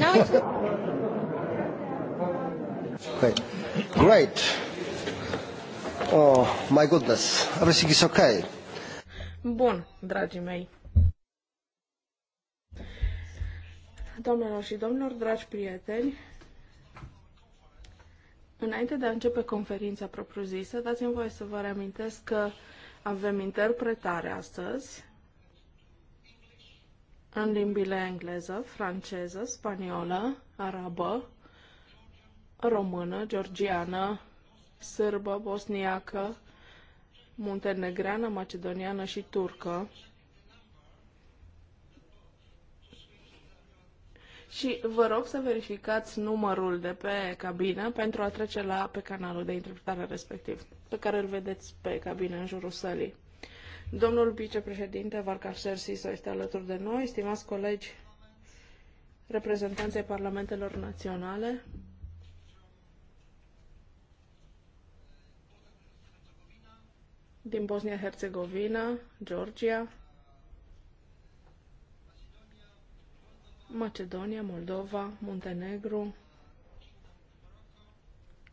Now it's Great. Great. Oh, my goodness. Everything is okay. Bun, dragii mei. Doamnelor și domnilor, dragi prieteni, înainte de a începe conferința propriu-zisă, dați-mi voie să vă reamintesc că avem interpretare astăzi în limbile engleză, franceză, spaniolă, arabă, română, georgiană, sârbă, bosniacă, muntenegreană, macedoniană și turcă. Și vă rog să verificați numărul de pe cabină pentru a trece la pe canalul de interpretare respectiv, pe care îl vedeți pe cabină în jurul sălii. Domnul vicepreședinte Varcar Sersiso este alături de noi, stimați colegi reprezentanței parlamentelor naționale. din Bosnia-Herzegovina, Georgia, Macedonia, Moldova, Muntenegru,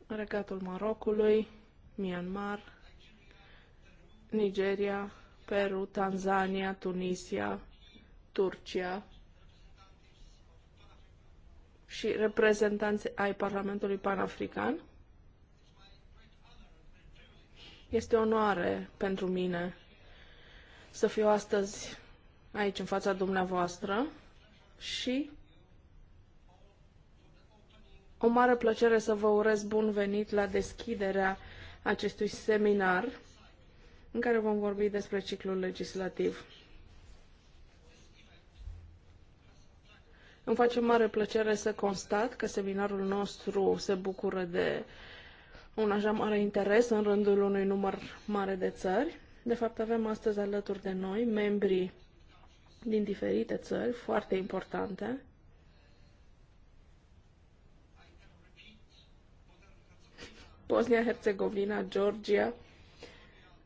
Regatul Marocului, Myanmar, Nigeria, Peru, Tanzania, Tunisia, Turcia și reprezentanți ai Parlamentului Panafrican. Este o onoare pentru mine să fiu astăzi aici în fața dumneavoastră și o mare plăcere să vă urez bun venit la deschiderea acestui seminar în care vom vorbi despre ciclul legislativ. Îmi face mare plăcere să constat că seminarul nostru se bucură de un așa mare interes în rândul unui număr mare de țări. De fapt, avem astăzi alături de noi membrii din diferite țări foarte importante. Bosnia-Herzegovina, Georgia,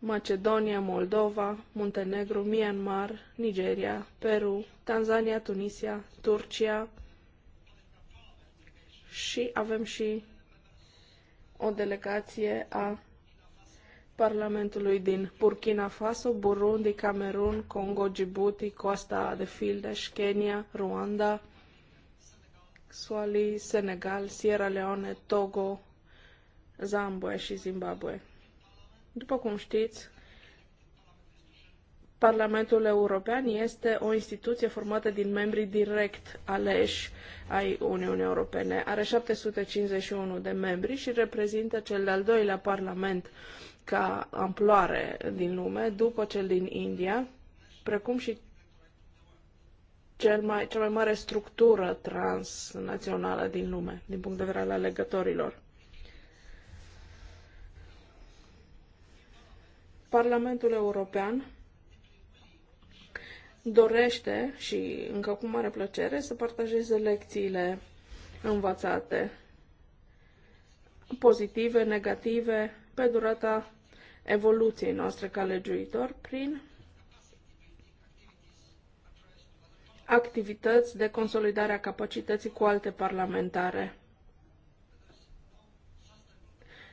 Macedonia, Moldova, Muntenegru, Myanmar, Nigeria, Peru, Tanzania, Tunisia, Turcia și avem și o delegație a Parlamentului din Burkina Faso, Burundi, Camerun, Congo, Djibouti, Costa de Fildeș, Kenya, Rwanda, Suali, Senegal, Sierra Leone, Togo, Zambue și Zimbabwe. După cum știți, Parlamentul European este o instituție formată din membri direct aleși ai Uniunii Europene. Are 751 de membri și reprezintă cel de-al doilea parlament ca amploare din lume, după cel din India, precum și cel mai, cea mai mare structură transnațională din lume, din punct de vedere al alegătorilor. Parlamentul European dorește și încă cu mare plăcere să partajeze lecțiile învățate pozitive, negative, pe durata evoluției noastre ca legiuitor prin activități de consolidare a capacității cu alte parlamentare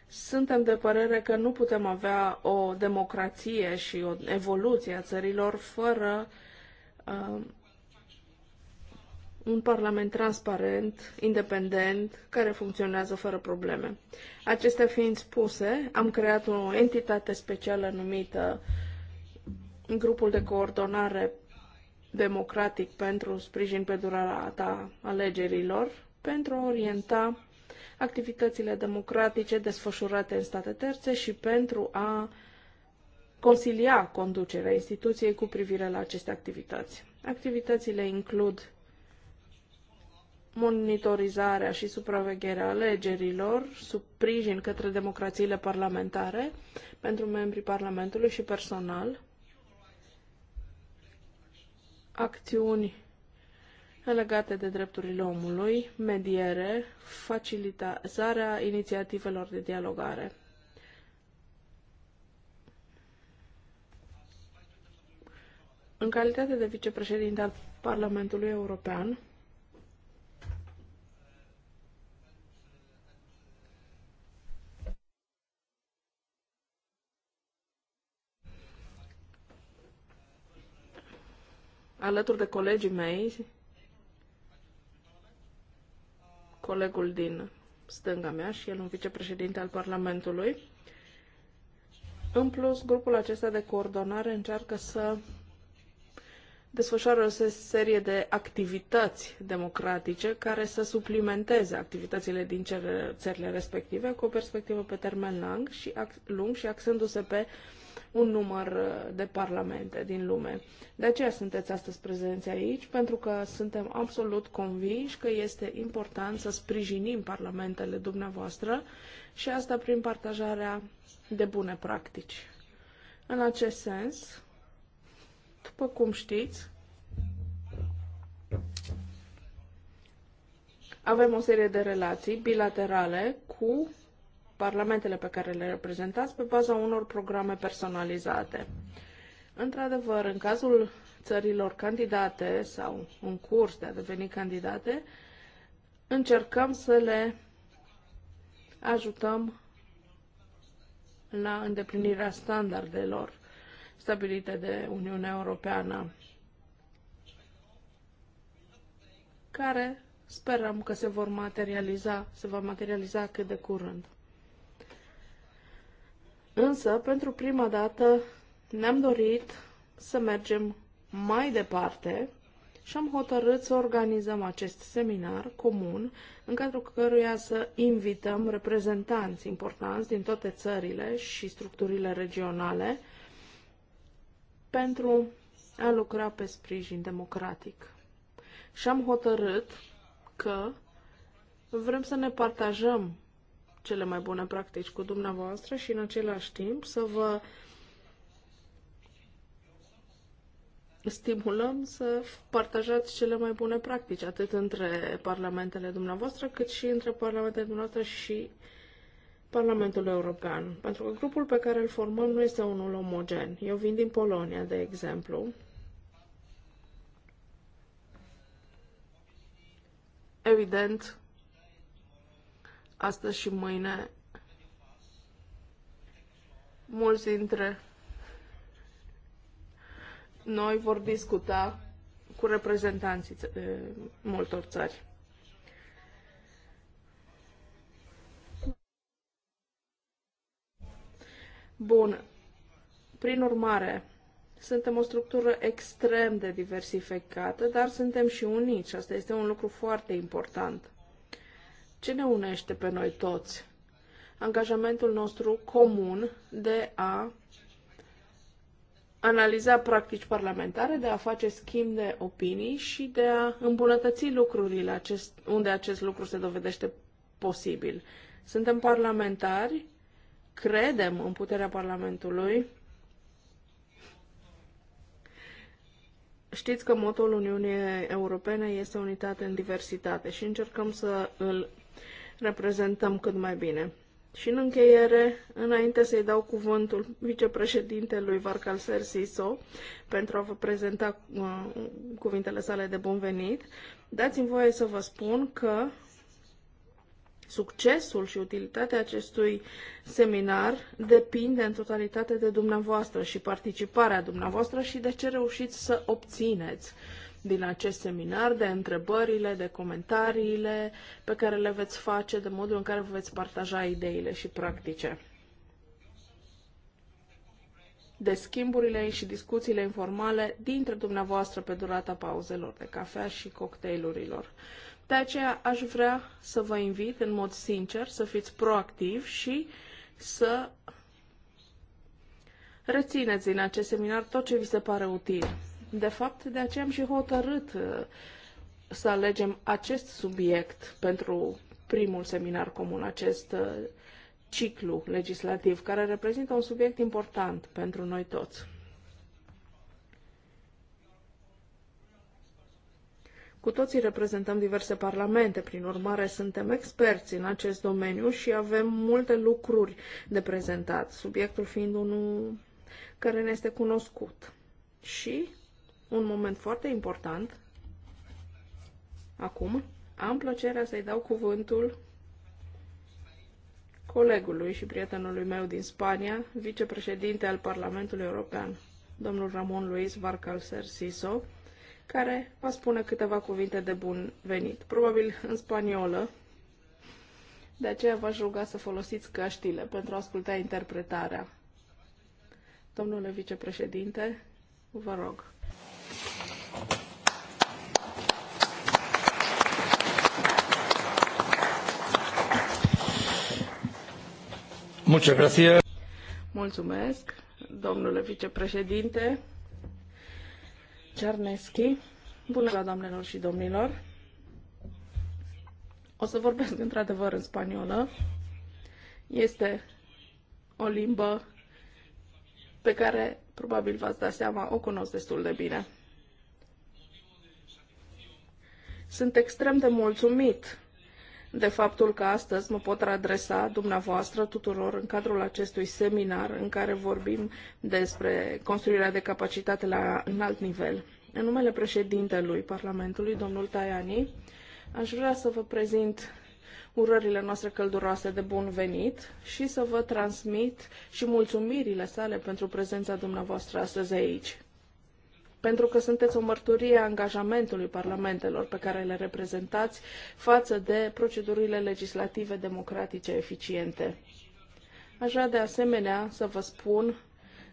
suntem de părere că nu putem avea o democrație și o evoluție a țărilor fără uh, un parlament transparent, independent, care funcționează fără probleme. Acestea fiind spuse, am creat o entitate specială numită Grupul de Coordonare Democratic pentru Sprijin pe durata alegerilor, pentru a orienta activitățile democratice desfășurate în state terțe și pentru a consilia conducerea instituției cu privire la aceste activități. Activitățile includ monitorizarea și supravegherea alegerilor, sprijin către democrațiile parlamentare pentru membrii Parlamentului și personal, acțiuni legate de drepturile omului, mediere, facilitarea inițiativelor de dialogare. În calitate de vicepreședinte al Parlamentului European, alături de colegii mei colegul din stânga mea și el un vicepreședinte al Parlamentului. În plus, grupul acesta de coordonare încearcă să desfășoară o serie de activități democratice care să suplimenteze activitățile din țările respective cu o perspectivă pe termen lung și, lung și axându-se pe un număr uh, de parlamente din lume. De aceea sunteți astăzi prezenți aici, pentru că suntem absolut convinși că este important să sprijinim parlamentele dumneavoastră și asta prin partajarea de bune practici. În acest sens, după cum știți, avem o serie de relații bilaterale cu parlamentele pe care le reprezentați pe baza unor programe personalizate. Într-adevăr, în cazul țărilor candidate sau în curs de a deveni candidate, încercăm să le ajutăm la îndeplinirea standardelor stabilite de Uniunea Europeană, care sperăm că se vor materializa, se va materializa cât de curând. Însă, pentru prima dată, ne-am dorit să mergem mai departe și am hotărât să organizăm acest seminar comun, în cadrul căruia să invităm reprezentanți importanți din toate țările și structurile regionale pentru a lucra pe sprijin democratic. Și am hotărât că vrem să ne partajăm cele mai bune practici cu dumneavoastră și în același timp să vă stimulăm să partajați cele mai bune practici, atât între parlamentele dumneavoastră, cât și între parlamentele dumneavoastră și Parlamentul European. Pentru că grupul pe care îl formăm nu este unul omogen. Eu vin din Polonia, de exemplu. Evident, astăzi și mâine mulți dintre noi vor discuta cu reprezentanții eh, multor țări. Bun. Prin urmare, suntem o structură extrem de diversificată, dar suntem și unici. Asta este un lucru foarte important. Ce ne unește pe noi toți? Angajamentul nostru comun de a analiza practici parlamentare, de a face schimb de opinii și de a îmbunătăți lucrurile acest, unde acest lucru se dovedește posibil. Suntem parlamentari, credem în puterea Parlamentului. Știți că motul Uniunii Europene este unitate în diversitate și încercăm să îl reprezentăm cât mai bine. Și în încheiere, înainte să-i dau cuvântul vicepreședintelui Varcal Sersiso pentru a vă prezenta uh, cuvintele sale de bun venit, dați-mi voie să vă spun că Succesul și utilitatea acestui seminar depinde în totalitate de dumneavoastră și participarea dumneavoastră și de ce reușiți să obțineți. Uh, din acest seminar, de întrebările, de comentariile pe care le veți face, de modul în care vă veți partaja ideile și practice de schimburile și discuțiile informale dintre dumneavoastră pe durata pauzelor de cafea și cocktailurilor. De aceea aș vrea să vă invit în mod sincer să fiți proactiv și să rețineți din acest seminar tot ce vi se pare util. De fapt, de aceea am și hotărât uh, să alegem acest subiect pentru primul seminar comun, acest uh, ciclu legislativ, care reprezintă un subiect important pentru noi toți. Cu toții reprezentăm diverse parlamente, prin urmare suntem experți în acest domeniu și avem multe lucruri de prezentat, subiectul fiind unul care ne este cunoscut. Și un moment foarte important. Acum am plăcerea să-i dau cuvântul colegului și prietenului meu din Spania, vicepreședinte al Parlamentului European, domnul Ramon Luis Varcalser Siso, care va spune câteva cuvinte de bun venit, probabil în spaniolă. De aceea v-aș ruga să folosiți căștile pentru a asculta interpretarea. Domnule vicepreședinte, vă rog. Mulțumesc. domnule vicepreședinte Cerneschi. Bună ziua, doamnelor și domnilor. O să vorbesc într-adevăr în spaniolă. Este o limbă pe care probabil v-ați dat seama, o cunosc destul de bine. Sunt extrem de mulțumit de faptul că astăzi mă pot adresa dumneavoastră tuturor în cadrul acestui seminar în care vorbim despre construirea de capacitate la înalt nivel. În numele președintelui Parlamentului, domnul Tajani, aș vrea să vă prezint urările noastre călduroase de bun venit și să vă transmit și mulțumirile sale pentru prezența dumneavoastră astăzi aici pentru că sunteți o mărturie a angajamentului parlamentelor pe care le reprezentați față de procedurile legislative democratice eficiente. Aș vrea de asemenea să vă spun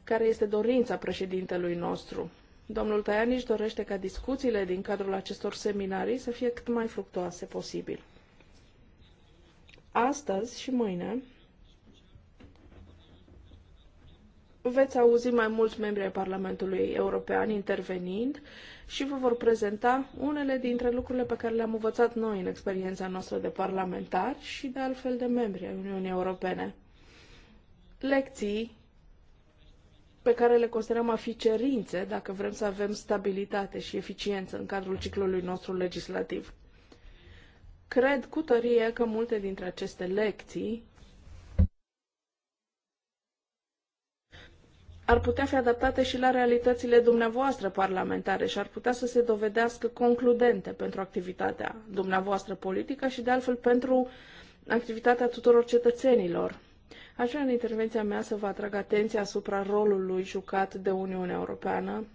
care este dorința președintelui nostru. Domnul Tajani își dorește ca discuțiile din cadrul acestor seminarii să fie cât mai fructuoase posibil. Astăzi și mâine veți auzi mai mulți membri ai Parlamentului European intervenind și vă vor prezenta unele dintre lucrurile pe care le-am învățat noi în experiența noastră de parlamentari și de altfel de membri ai Uniunii Europene. Lecții pe care le considerăm a fi cerințe dacă vrem să avem stabilitate și eficiență în cadrul ciclului nostru legislativ. Cred cu tărie că multe dintre aceste lecții ar putea fi adaptate și la realitățile dumneavoastră parlamentare și ar putea să se dovedească concludente pentru activitatea dumneavoastră politică și, de altfel, pentru activitatea tuturor cetățenilor. Aș vrea în intervenția mea să vă atrag atenția asupra rolului jucat de Uniunea Europeană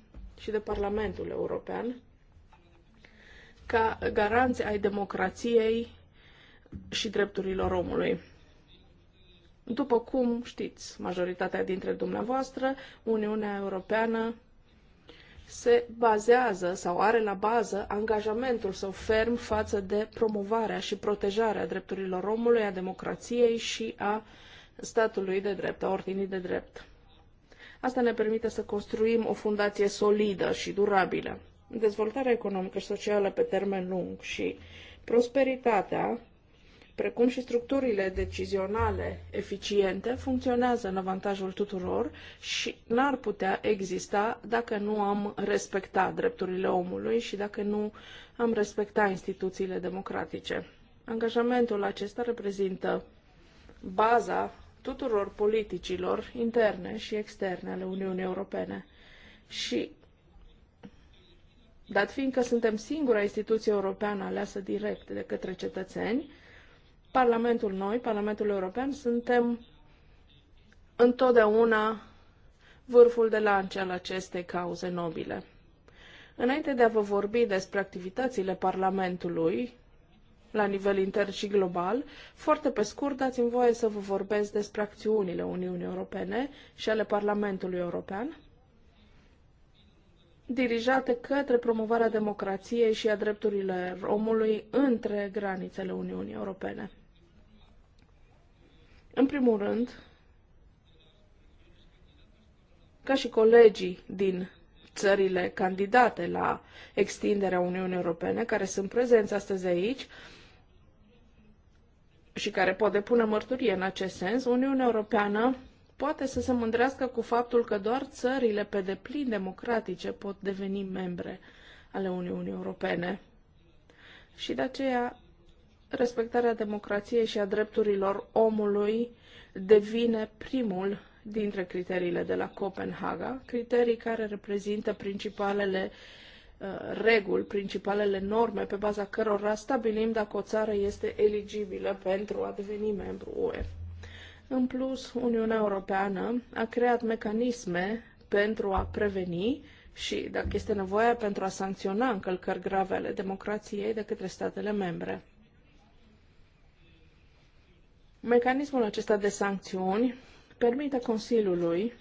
și de Parlamentul European ca garanți ai democrației și drepturilor omului. După cum știți, majoritatea dintre dumneavoastră, Uniunea Europeană se bazează sau are la bază angajamentul său ferm față de promovarea și protejarea drepturilor omului, a democrației și a statului de drept, a ordinii de drept. Asta ne permite să construim o fundație solidă și durabilă. Dezvoltarea economică și socială pe termen lung și prosperitatea precum și structurile decizionale eficiente, funcționează în avantajul tuturor și n-ar putea exista dacă nu am respecta drepturile omului și dacă nu am respecta instituțiile democratice. Angajamentul acesta reprezintă baza tuturor politicilor interne și externe ale Uniunii Europene. Și dat fiindcă suntem singura instituție europeană aleasă direct de către cetățeni, Parlamentul noi, Parlamentul European, suntem întotdeauna vârful de lance al acestei cauze nobile. Înainte de a vă vorbi despre activitățile Parlamentului, la nivel intern și global, foarte pe scurt dați-mi voie să vă vorbesc despre acțiunile Uniunii Europene și ale Parlamentului European, dirijate către promovarea democrației și a drepturilor omului între granițele Uniunii Europene. În primul rând, ca și colegii din țările candidate la extinderea Uniunii Europene, care sunt prezenți astăzi aici și care pot depune mărturie în acest sens, Uniunea Europeană poate să se mândrească cu faptul că doar țările pe deplin democratice pot deveni membre ale Uniunii Europene. Și de aceea, respectarea democrației și a drepturilor omului devine primul dintre criteriile de la Copenhaga, criterii care reprezintă principalele uh, reguli, principalele norme pe baza cărora stabilim dacă o țară este eligibilă pentru a deveni membru UE. În plus, Uniunea Europeană a creat mecanisme pentru a preveni și, dacă este nevoie, pentru a sancționa încălcări grave ale democrației de către statele membre. Mecanismul acesta de sancțiuni permite Consiliului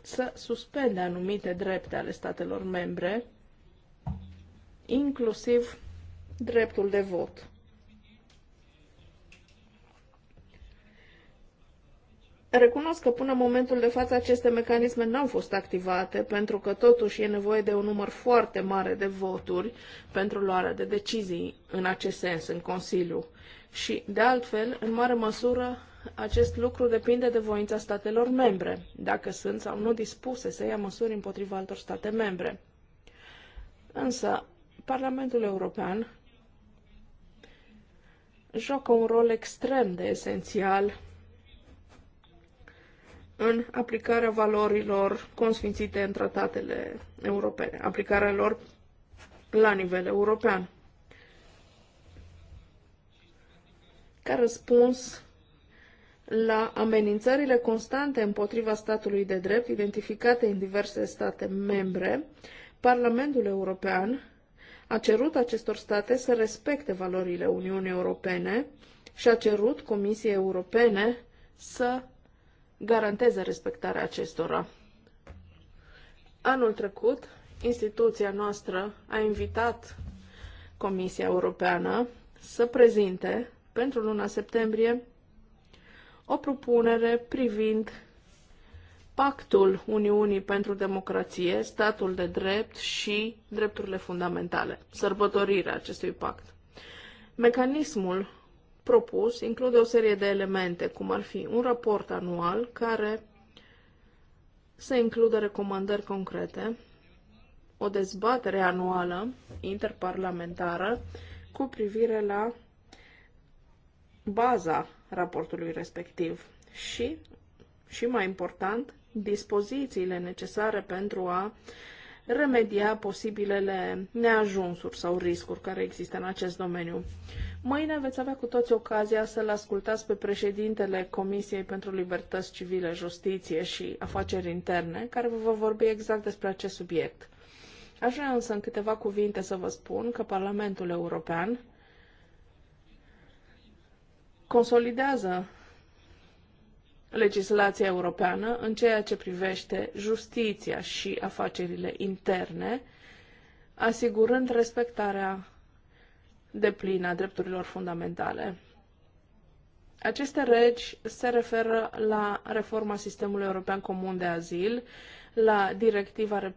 să suspende anumite drepte ale statelor membre, inclusiv dreptul de vot. Recunosc că până în momentul de față aceste mecanisme n-au fost activate, pentru că totuși e nevoie de un număr foarte mare de voturi pentru luarea de decizii în acest sens în Consiliu. Și, de altfel, în mare măsură, acest lucru depinde de voința statelor membre, dacă sunt sau nu dispuse să ia măsuri împotriva altor state membre. Însă, Parlamentul European joacă un rol extrem de esențial în aplicarea valorilor consfințite în tratatele europene, aplicarea lor la nivel european. Ca răspuns la amenințările constante împotriva statului de drept identificate în diverse state membre, Parlamentul European a cerut acestor state să respecte valorile Uniunii Europene și a cerut Comisiei Europene să garanteze respectarea acestora. Anul trecut, instituția noastră a invitat Comisia Europeană să prezinte pentru luna septembrie o propunere privind pactul Uniunii pentru democrație, statul de drept și drepturile fundamentale, sărbătorirea acestui pact. Mecanismul propus include o serie de elemente, cum ar fi un raport anual care să includă recomandări concrete, o dezbatere anuală interparlamentară cu privire la baza raportului respectiv și, și mai important, dispozițiile necesare pentru a remedia posibilele neajunsuri sau riscuri care există în acest domeniu. Mâine veți avea cu toți ocazia să-l ascultați pe președintele Comisiei pentru Libertăți Civile, Justiție și Afaceri Interne, care vă va vorbi exact despre acest subiect. Aș vrea însă în câteva cuvinte să vă spun că Parlamentul European consolidează legislația europeană în ceea ce privește justiția și afacerile interne, asigurând respectarea plină a drepturilor fundamentale. Aceste regi se referă la reforma sistemului european comun de azil, la directiva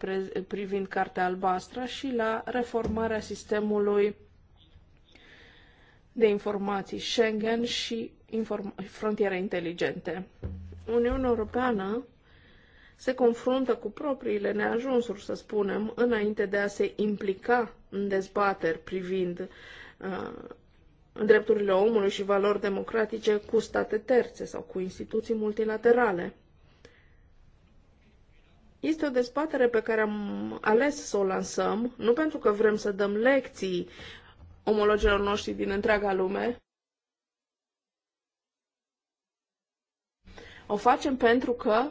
privind Cartea Albastră și la reformarea sistemului de informații Schengen și inform- frontiere inteligente. Uniunea Europeană se confruntă cu propriile neajunsuri, să spunem, înainte de a se implica în dezbateri privind uh, Uh, drepturile omului și valori democratice cu state terțe sau cu instituții multilaterale. Este o dezbatere pe care am ales să o lansăm, nu pentru că vrem să dăm lecții omologilor noștri din întreaga lume. O facem pentru că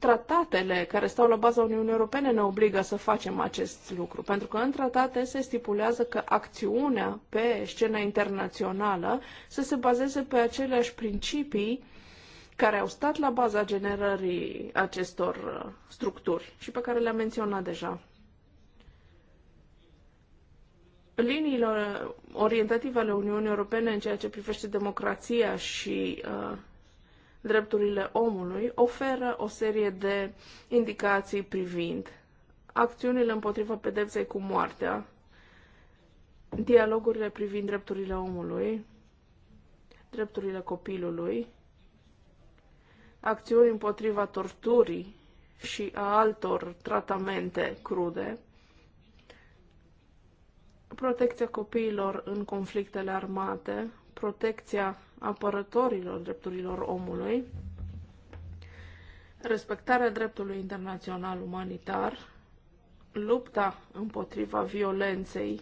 tratatele care stau la baza Uniunii Europene ne obligă să facem acest lucru, pentru că în tratate se stipulează că acțiunea pe scena internațională să se bazeze pe aceleași principii care au stat la baza generării acestor uh, structuri și pe care le-am menționat deja. Liniile orientative ale Uniunii Europene în ceea ce privește democrația și uh, drepturile omului oferă o serie de indicații privind acțiunile împotriva pedepsei cu moartea, dialogurile privind drepturile omului, drepturile copilului, acțiuni împotriva torturii și a altor tratamente crude, protecția copiilor în conflictele armate, protecția apărătorilor drepturilor omului, respectarea dreptului internațional umanitar, lupta împotriva violenței,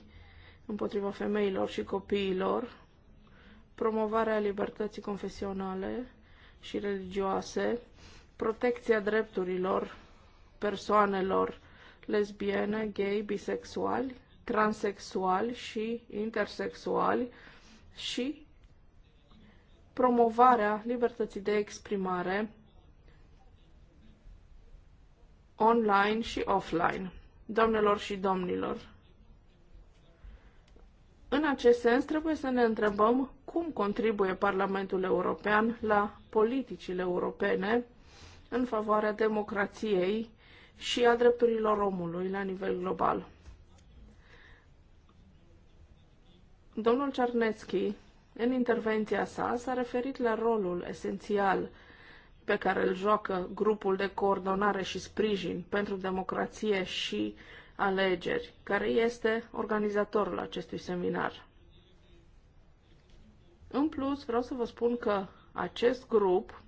împotriva femeilor și copiilor, promovarea libertății confesionale și religioase, protecția drepturilor persoanelor lesbiene, gay, bisexuali, transexuali și intersexuali și promovarea libertății de exprimare online și offline. Doamnelor și domnilor, în acest sens, trebuie să ne întrebăm cum contribuie Parlamentul European la politicile europene în favoarea democrației și a drepturilor omului la nivel global. Domnul Cernețchi în intervenția sa s-a referit la rolul esențial pe care îl joacă grupul de coordonare și sprijin pentru democrație și alegeri, care este organizatorul acestui seminar. În plus, vreau să vă spun că acest grup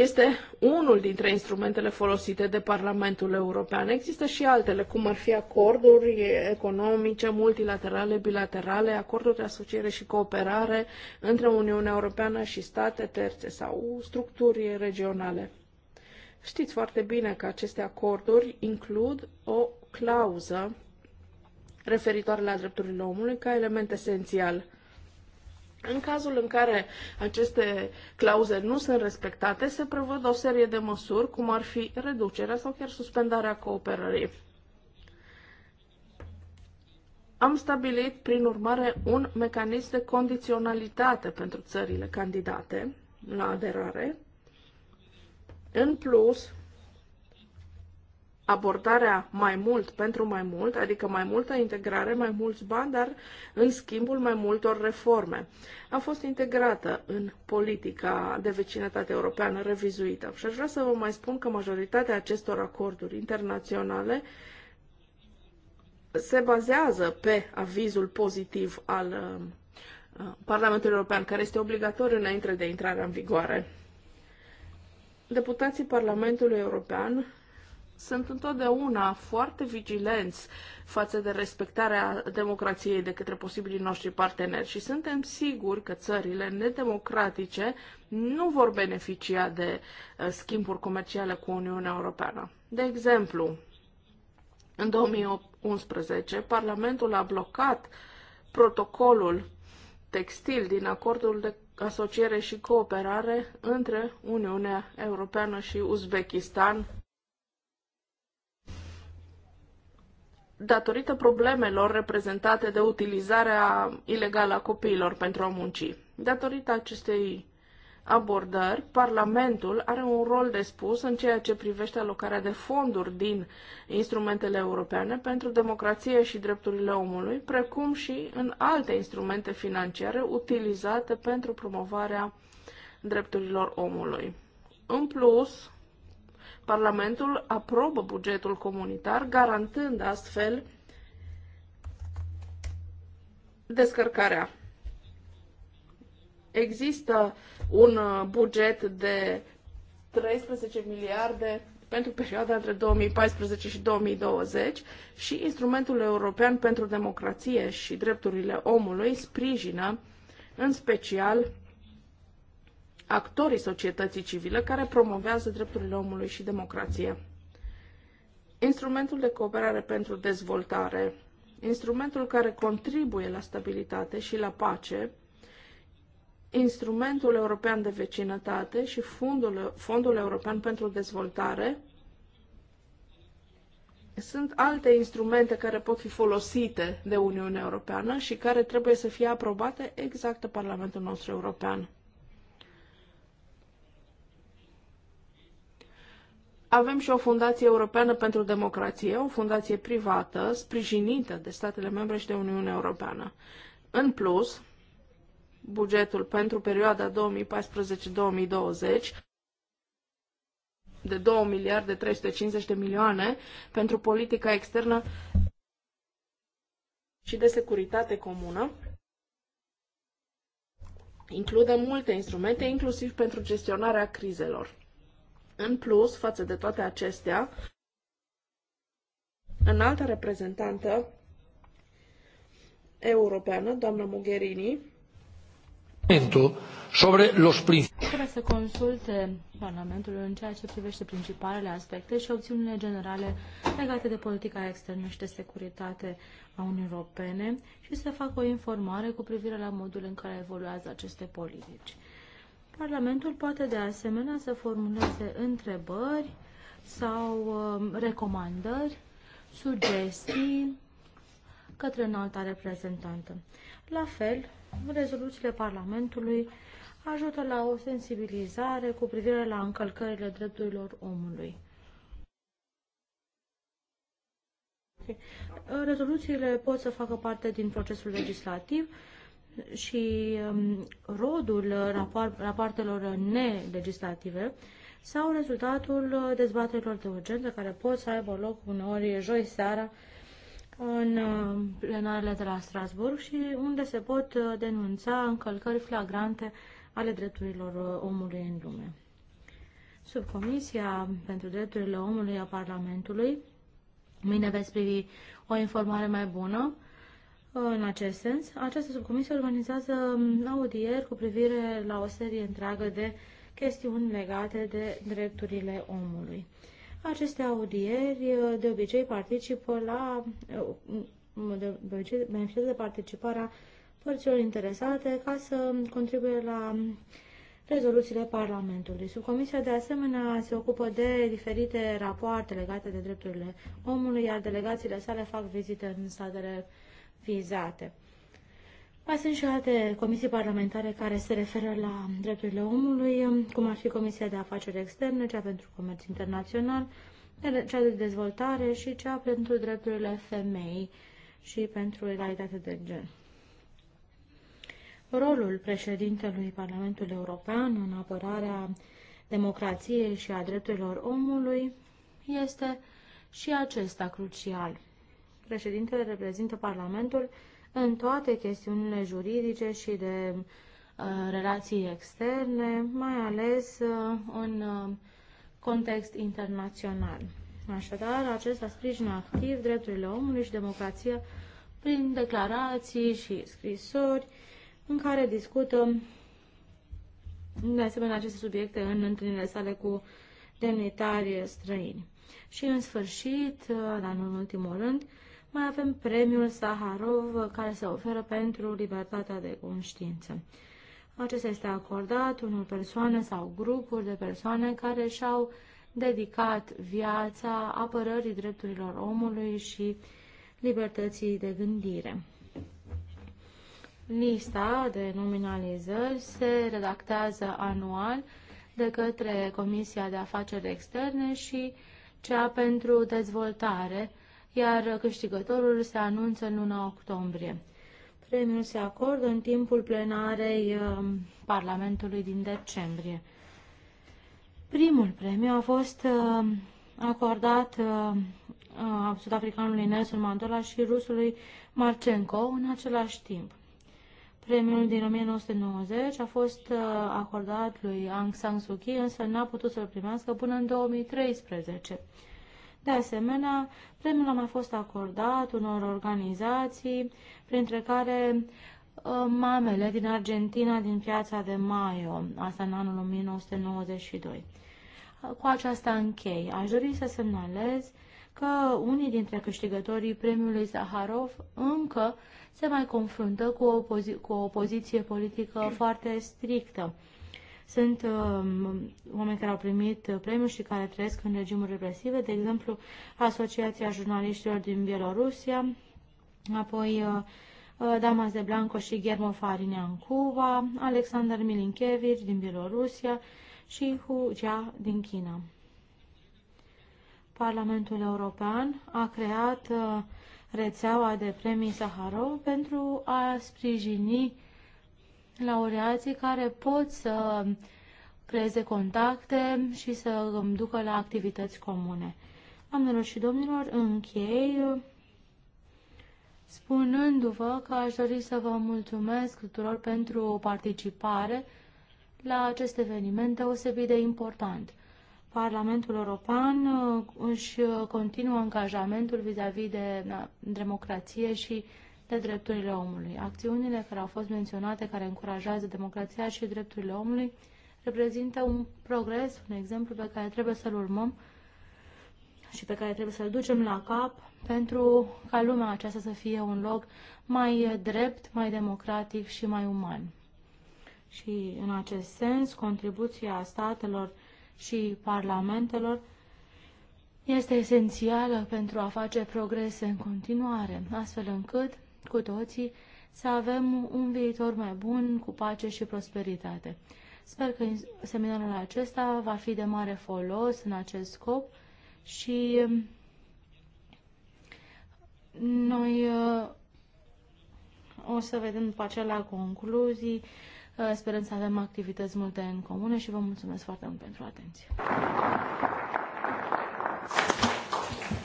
este unul dintre instrumentele folosite de Parlamentul European. Există și altele, cum ar fi acorduri economice, multilaterale, bilaterale, acorduri de asociere și cooperare între Uniunea Europeană și state terțe sau structuri regionale. Știți foarte bine că aceste acorduri includ o clauză referitoare la drepturile omului ca element esențial – în cazul în care aceste clauze nu sunt respectate, se prevăd o serie de măsuri, cum ar fi reducerea sau chiar suspendarea cooperării. Am stabilit, prin urmare, un mecanism de condiționalitate pentru țările candidate la aderare. În plus, abordarea mai mult pentru mai mult, adică mai multă integrare, mai mulți bani, dar în schimbul mai multor reforme. A fost integrată în politica de vecinătate europeană revizuită. Și aș vrea să vă mai spun că majoritatea acestor acorduri internaționale se bazează pe avizul pozitiv al uh, Parlamentului European, care este obligatoriu înainte de intrarea în vigoare. Deputații Parlamentului European sunt întotdeauna foarte vigilenți față de respectarea democrației de către posibilii noștri parteneri și suntem siguri că țările nedemocratice nu vor beneficia de uh, schimburi comerciale cu Uniunea Europeană. De exemplu, în 2011, Parlamentul a blocat protocolul textil din acordul de asociere și cooperare între Uniunea Europeană și Uzbekistan datorită problemelor reprezentate de utilizarea ilegală a copiilor pentru a munci. Datorită acestei abordări, Parlamentul are un rol de spus în ceea ce privește alocarea de fonduri din instrumentele europene pentru democrație și drepturile omului, precum și în alte instrumente financiare utilizate pentru promovarea drepturilor omului. În plus, Parlamentul aprobă bugetul comunitar, garantând astfel descărcarea. Există un uh, buget de 13 miliarde pentru perioada între 2014 și 2020 și instrumentul european pentru democrație și drepturile omului sprijină în special actorii societății civile care promovează drepturile omului și democrația. Instrumentul de cooperare pentru dezvoltare, instrumentul care contribuie la stabilitate și la pace, instrumentul european de vecinătate și fondul, fondul european pentru dezvoltare sunt alte instrumente care pot fi folosite de Uniunea Europeană și care trebuie să fie aprobate exact de Parlamentul nostru european. Avem și o fundație europeană pentru democrație, o fundație privată, sprijinită de statele membre și de Uniunea Europeană. În plus, bugetul pentru perioada 2014-2020 de 2 miliarde 350 de milioane pentru politica externă și de securitate comună include multe instrumente, inclusiv pentru gestionarea crizelor. În plus, față de toate acestea, în altă reprezentantă europeană, doamna Mogherini, sobre los trebuie să consulte Parlamentul în ceea ce privește principalele aspecte și opțiunile generale legate de politica externă și de securitate a Uniunii Europene și să facă o informare cu privire la modul în care evoluează aceste politici. Parlamentul poate de asemenea să formuleze întrebări sau um, recomandări, sugestii către înalta reprezentantă. La fel, rezoluțiile Parlamentului ajută la o sensibilizare cu privire la încălcările drepturilor omului. Rezoluțiile pot să facă parte din procesul legislativ și um, rodul rapoartelor nelegislative sau rezultatul dezbaterilor de urgență care pot să aibă loc uneori joi seara în uh, plenarele de la Strasburg și unde se pot uh, denunța încălcări flagrante ale drepturilor uh, omului în lume. Subcomisia pentru drepturile omului a Parlamentului mâine veți privi o informare mai bună în acest sens, această subcomisie organizează audieri cu privire la o serie întreagă de chestiuni legate de drepturile omului. Aceste audieri de obicei participă la de obicei beneficiază de participarea părților interesate ca să contribuie la rezoluțiile Parlamentului. Subcomisia de asemenea se ocupă de diferite rapoarte legate de drepturile omului, iar delegațiile sale fac vizite în statele vizate. Mai sunt și alte comisii parlamentare care se referă la drepturile omului, cum ar fi Comisia de Afaceri Externe, cea pentru Comerț Internațional, cea de dezvoltare și cea pentru drepturile femei și pentru egalitatea de gen. Rolul președintelui Parlamentului European în apărarea democrației și a drepturilor omului este și acesta crucial președintele reprezintă Parlamentul în toate chestiunile juridice și de uh, relații externe, mai ales uh, în uh, context internațional. Așadar, acesta sprijină activ drepturile omului și democrația prin declarații și scrisori în care discută de asemenea aceste subiecte în întâlnirile sale cu demnitarii străini. Și în sfârșit, dar nu în ultimul rând, mai avem premiul Saharov care se oferă pentru libertatea de conștiință. Acesta este acordat unor persoane sau grupuri de persoane care și-au dedicat viața apărării drepturilor omului și libertății de gândire. Lista de nominalizări se redactează anual de către Comisia de Afaceri Externe și cea pentru dezvoltare iar câștigătorul se anunță în luna octombrie. Premiul se acordă în timpul plenarei uh, Parlamentului din decembrie. Primul premiu a fost uh, acordat uh, sud-africanului Nelson Mandela și rusului Marcenko în același timp. Premiul din 1990 a fost acordat lui Aung San Suu Kyi, însă n-a putut să-l primească până în 2013. De asemenea, premiul a mai fost acordat unor organizații, printre care uh, mamele din Argentina din piața de Maio, asta în anul 1992. Cu aceasta închei. Aș dori să semnalez că unii dintre câștigătorii premiului Zaharov încă se mai confruntă cu o, pozi- cu o poziție politică foarte strictă. Sunt uh, oameni care au primit premiul și care trăiesc în regimuri represive, de exemplu Asociația Jurnaliștilor din Bielorusia, apoi uh, uh, Damas de Blanco și Guillermo Farinea în Cuba, Alexander Milinkevici din Bielorusia și Hu Jia din China. Parlamentul European a creat rețeaua de premii Saharov pentru a sprijini laureații care pot să creeze contacte și să ducă la activități comune. Doamnelor și domnilor, închei spunându-vă că aș dori să vă mulțumesc tuturor pentru participare la acest eveniment deosebit de important. Parlamentul European uh, își continuă angajamentul vis-a-vis -vis de uh, democrație și de drepturile omului. Acțiunile care au fost menționate, care încurajează democrația și drepturile omului, reprezintă un progres, un exemplu pe care trebuie să-l urmăm și pe care trebuie să-l ducem la cap pentru ca lumea aceasta să fie un loc mai drept, mai democratic și mai uman. Și în acest sens, contribuția statelor și parlamentelor este esențială pentru a face progrese în continuare, astfel încât cu toții să avem un viitor mai bun, cu pace și prosperitate. Sper că seminarul acesta va fi de mare folos în acest scop și um, noi uh, o să vedem după aceea la concluzii. Uh, sperăm să avem activități multe în comune și vă mulțumesc foarte mult pentru atenție.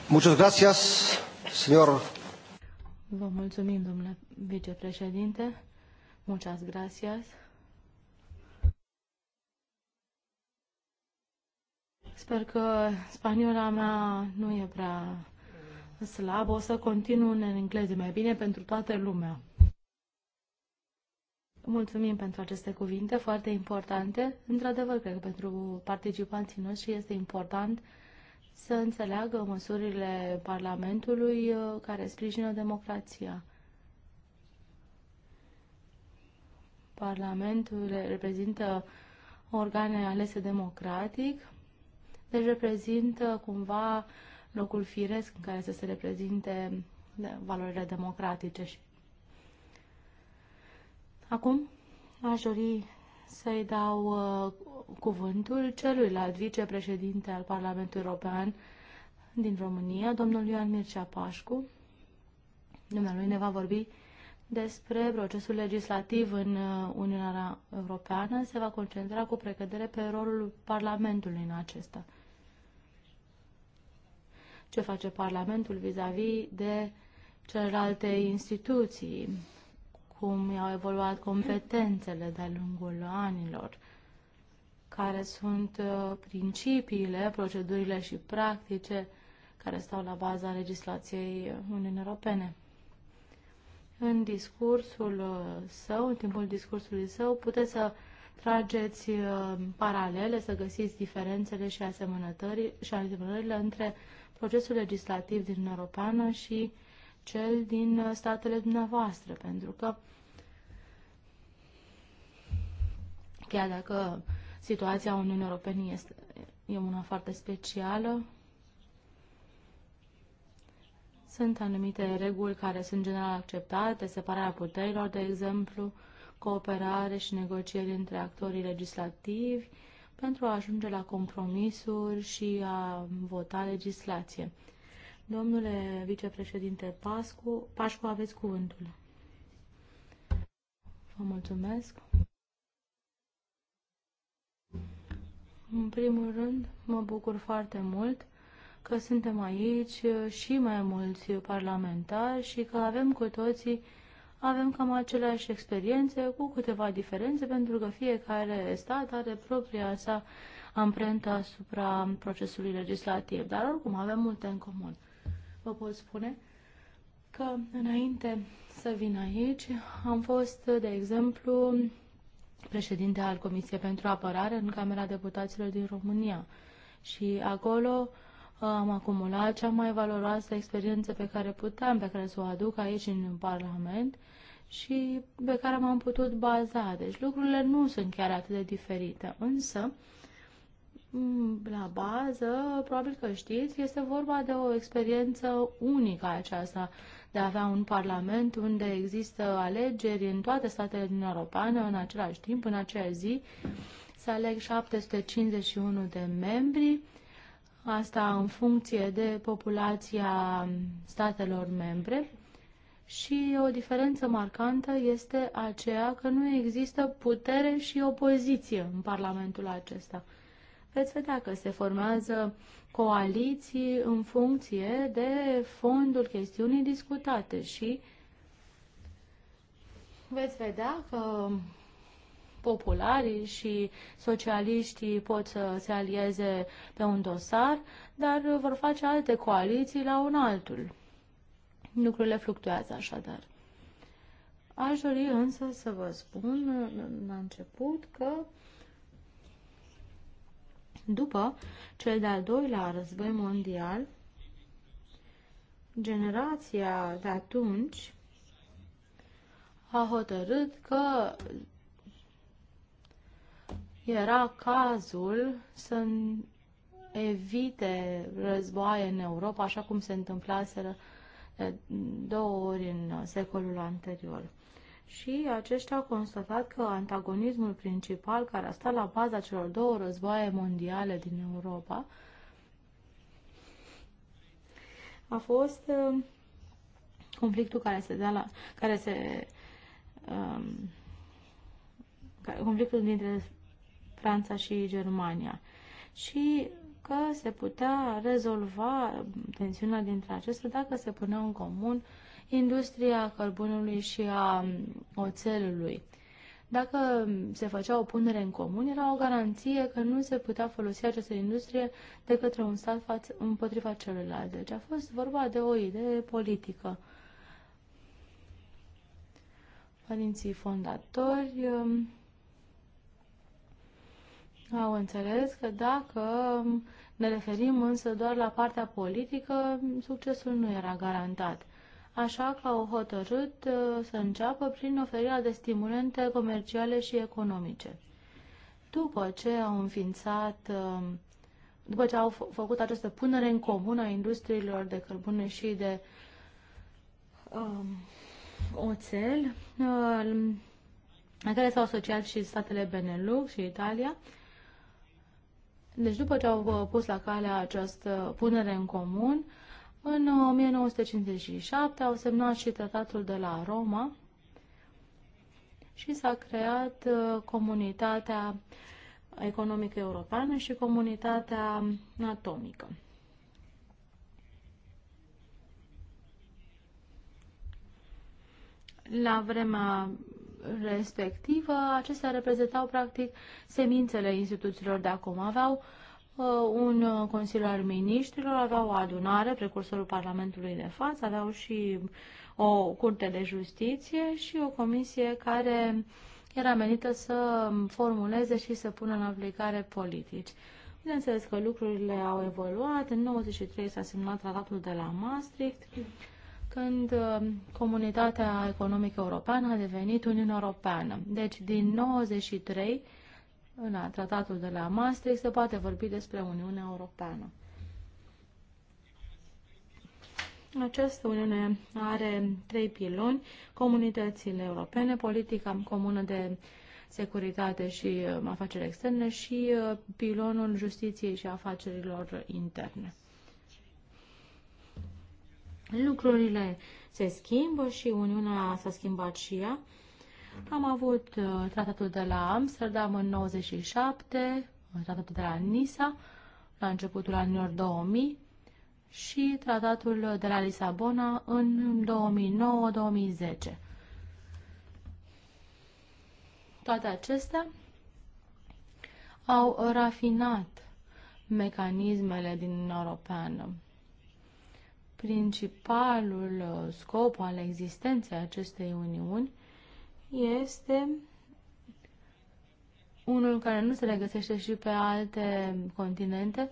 Muchas gracias, señor Vă mulțumim, domnule vicepreședinte. Muchas gracias. Sper că spaniola mea nu e prea slabă. O să continu în engleză mai bine pentru toată lumea. Mulțumim pentru aceste cuvinte foarte importante. Într-adevăr, cred că pentru participanții noștri este important uh, să înțeleagă măsurile Parlamentului uh, care sprijină democrația. Parlamentul reprezintă organe alese democratic, deci reprezintă cumva locul firesc în care să se reprezinte valorile democratice. Acum aș dori să-i dau uh, cuvântul celuilalt vicepreședinte al Parlamentului European din România, domnul Ioan Mircea Pașcu. lui ne va vorbi despre procesul legislativ în uh, Uniunea Europeană. Se va concentra cu precădere pe rolul Parlamentului în acesta. Ce face Parlamentul vis-a-vis -vis de celelalte instituții cum i-au evoluat competențele de-a lungul anilor, care sunt uh, principiile, procedurile și practice care stau la baza legislației Uniunii Europene. În discursul uh, său, în timpul discursului său, puteți să trageți uh, paralele, să găsiți diferențele și asemănările între procesul legislativ din Europeană și cel din statele dumneavoastră, pentru că chiar dacă situația Uniunii Europene este, e una foarte specială. Sunt anumite reguli care sunt general acceptate, separarea puterilor, de exemplu, cooperare și negocieri între actorii legislativi pentru a ajunge la compromisuri și a vota legislație. Domnule vicepreședinte Pascu, Pașcu, aveți cuvântul. Vă mulțumesc. În primul rând, mă bucur foarte mult că suntem aici și mai mulți parlamentari și că avem cu toții, avem cam aceleași experiențe cu câteva diferențe pentru că fiecare stat are propria sa amprentă asupra procesului legislativ, dar oricum avem multe în comun. Vă pot spune că înainte să vin aici am fost, de exemplu, președinte al Comisiei pentru Apărare în Camera Deputaților din România. Și acolo uh, am acumulat cea mai valoroasă experiență pe care puteam, pe care să o aduc aici în Parlament și pe care m-am putut baza. Deci lucrurile nu sunt chiar atât de diferite, însă la bază, probabil că știți, este vorba de o experiență unică aceasta de a avea un parlament unde există alegeri în toate statele din Europeană în același timp, în aceea zi, să aleg 751 de membri, asta în funcție de populația statelor membre. Și o diferență marcantă este aceea că nu există putere și opoziție în Parlamentul acesta veți vedea că se formează coaliții în funcție de fondul chestiunii discutate și veți vedea că popularii și socialiștii pot să se alieze pe un dosar, dar vor face alte coaliții la un altul. Lucrurile fluctuează așadar. Aș dori însă să vă spun la început că după cel de-al doilea război mondial, generația de atunci a hotărât că era cazul să evite războaie în Europa, așa cum se întâmplaseră două ori în secolul anterior și aceștia au constatat că antagonismul principal care a stat la baza celor două războaie mondiale din Europa a fost uh, conflictul care se dea la, care se um, conflictul dintre Franța și Germania și că se putea rezolva tensiunea dintre acestea dacă se puneau în comun uh, industria carbonului și a oțelului. Dacă se făcea o punere în comun, era o garanție că nu se putea folosi această industrie de către un stat față, împotriva celălalt. Deci a fost vorba de o idee politică. Părinții fondatori um, au înțeles că dacă um, ne referim însă doar la partea politică, succesul nu era garantat așa că au hotărât uh, să înceapă prin oferirea de stimulente comerciale și economice. După ce au înființat, uh, după ce au făcut această punere în comun a industriilor de cărbune și de um, oțel, um, la care s-au asociat și statele Benelux și Italia, deci după ce au pus la cale această punere în comun, uh, în 1957 uh, au semnat și tratatul de la Roma și s-a creat uh, comunitatea economică europeană și comunitatea atomică. La vremea respectivă, acestea reprezentau practic semințele instituțiilor de acum. Aveau uh, Uh, un uh, Consiliu al Ministrilor, avea o adunare, precursorul Parlamentului de față, aveau și o curte de justiție și o comisie care era menită să formuleze și să pună în aplicare politici. Bineînțeles că lucrurile au evoluat. În 93 s-a semnat tratatul de la Maastricht, când uh, comunitatea economică europeană a devenit Uniunea Europeană. Deci, din 93 în tratatul de la Maastricht se poate vorbi despre Uniunea Europeană. Această Uniune are trei piloni, comunitățile europene, politica comună de securitate și uh, afaceri externe și uh, pilonul justiției și afacerilor interne. Lucrurile se schimbă și Uniunea s-a schimbat și ea am avut uh, tratatul de la Amsterdam în 97, tratatul de la Nisa la începutul anilor 2000 și tratatul de la Lisabona în 2009-2010. Toate acestea au rafinat mecanismele din Uniunea Europeană. Principalul scop al existenței acestei Uniuni este unul care nu se regăsește și pe alte continente,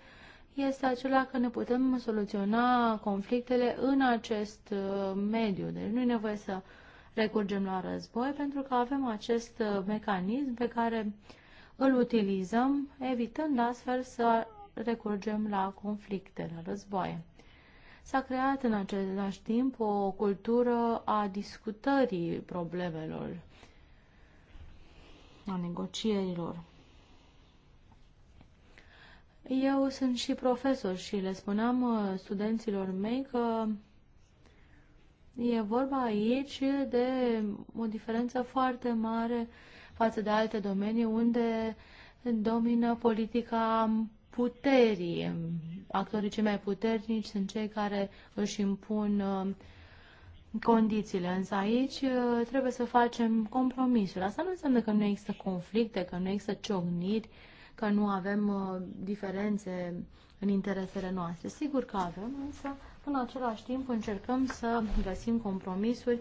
este acela că ne putem soluționa conflictele în acest uh, mediu. Deci nu e nevoie să recurgem la război pentru că avem acest uh, mecanism pe care îl utilizăm, evitând astfel să recurgem la conflicte, la războaie. S-a creat în același timp o cultură a discutării problemelor a negocierilor. Eu sunt și profesor și le spuneam uh, studenților mei că e vorba aici de o diferență foarte mare față de alte domenii unde domină politica puterii. Actorii cei mai puternici sunt cei care își impun uh, condițiile. Însă aici uh, trebuie să facem compromisul. Asta nu înseamnă că nu există conflicte, că nu există ciogniri, că nu avem uh, diferențe în interesele noastre. Sigur că avem, însă în același timp încercăm să găsim compromisuri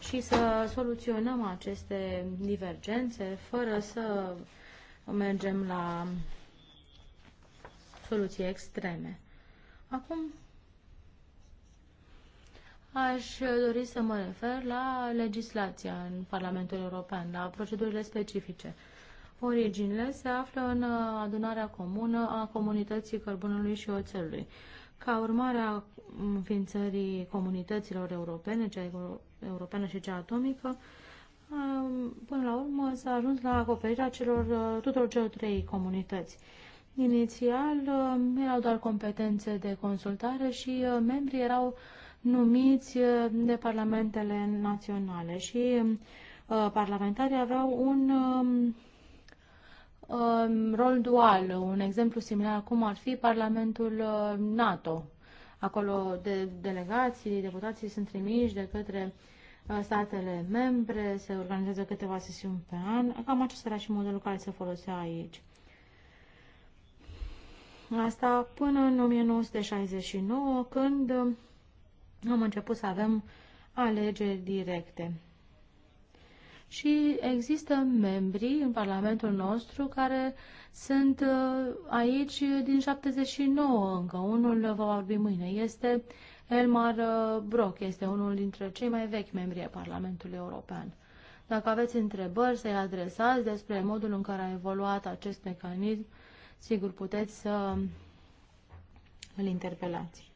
și să soluționăm aceste divergențe fără să mergem la soluții extreme. Acum aș dori să mă refer la legislația în Parlamentul European, la procedurile specifice. Originile se află în adunarea comună a comunității cărbunului și oțelului. Ca urmare a înființării comunităților europene, cea europeană și cea atomică, până la urmă s-a ajuns la acoperirea celor, tuturor celor trei comunități. Inițial uh, erau doar competențe de consultare și uh, membrii erau uh, numiți uh, de parlamentele naționale și uh, parlamentarii aveau un um, um, rol dual. Un exemplu similar cum ar fi Parlamentul uh, NATO. Acolo de delegații, deputații sunt trimiși de către statele membre, se organizează câteva sesiuni pe an. Cam acesta era și modelul care se folosea aici. Asta până în 1969, când am început să avem alegeri directe. Și există membri în Parlamentul nostru care sunt uh, aici din 79 încă. Unul va vorbi mâine. Este Elmar uh, Brock, este unul dintre cei mai vechi membri ai Parlamentului European. Dacă aveți întrebări să-i adresați despre modul în care a evoluat acest mecanism, sigur puteți să îl interpelați.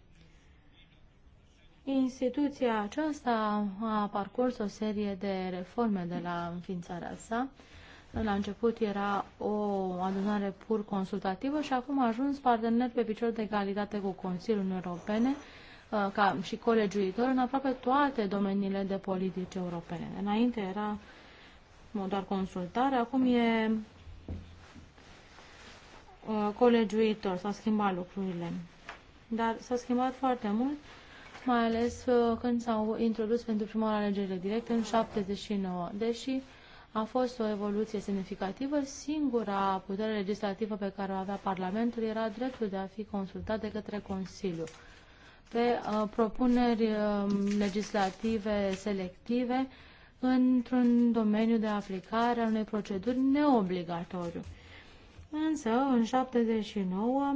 Instituția aceasta a parcurs o serie de reforme de la înființarea sa. La început era o adunare pur consultativă și acum a ajuns partener pe picior de egalitate cu Consiliul Europene uh, ca și colegiuitor în aproape toate domeniile de politici europene. Înainte era doar consultare, acum e uh, colegiuitor, s a schimbat lucrurile. Dar s-a schimbat foarte mult mai ales uh, când s-au introdus pentru prima oară alegerile directe în 79. Deși a fost o evoluție semnificativă, singura putere legislativă pe care o avea Parlamentul era dreptul de a fi consultat de către Consiliu pe uh, propuneri uh, legislative selective într-un domeniu de aplicare a unei proceduri neobligatoriu. Însă, în 79,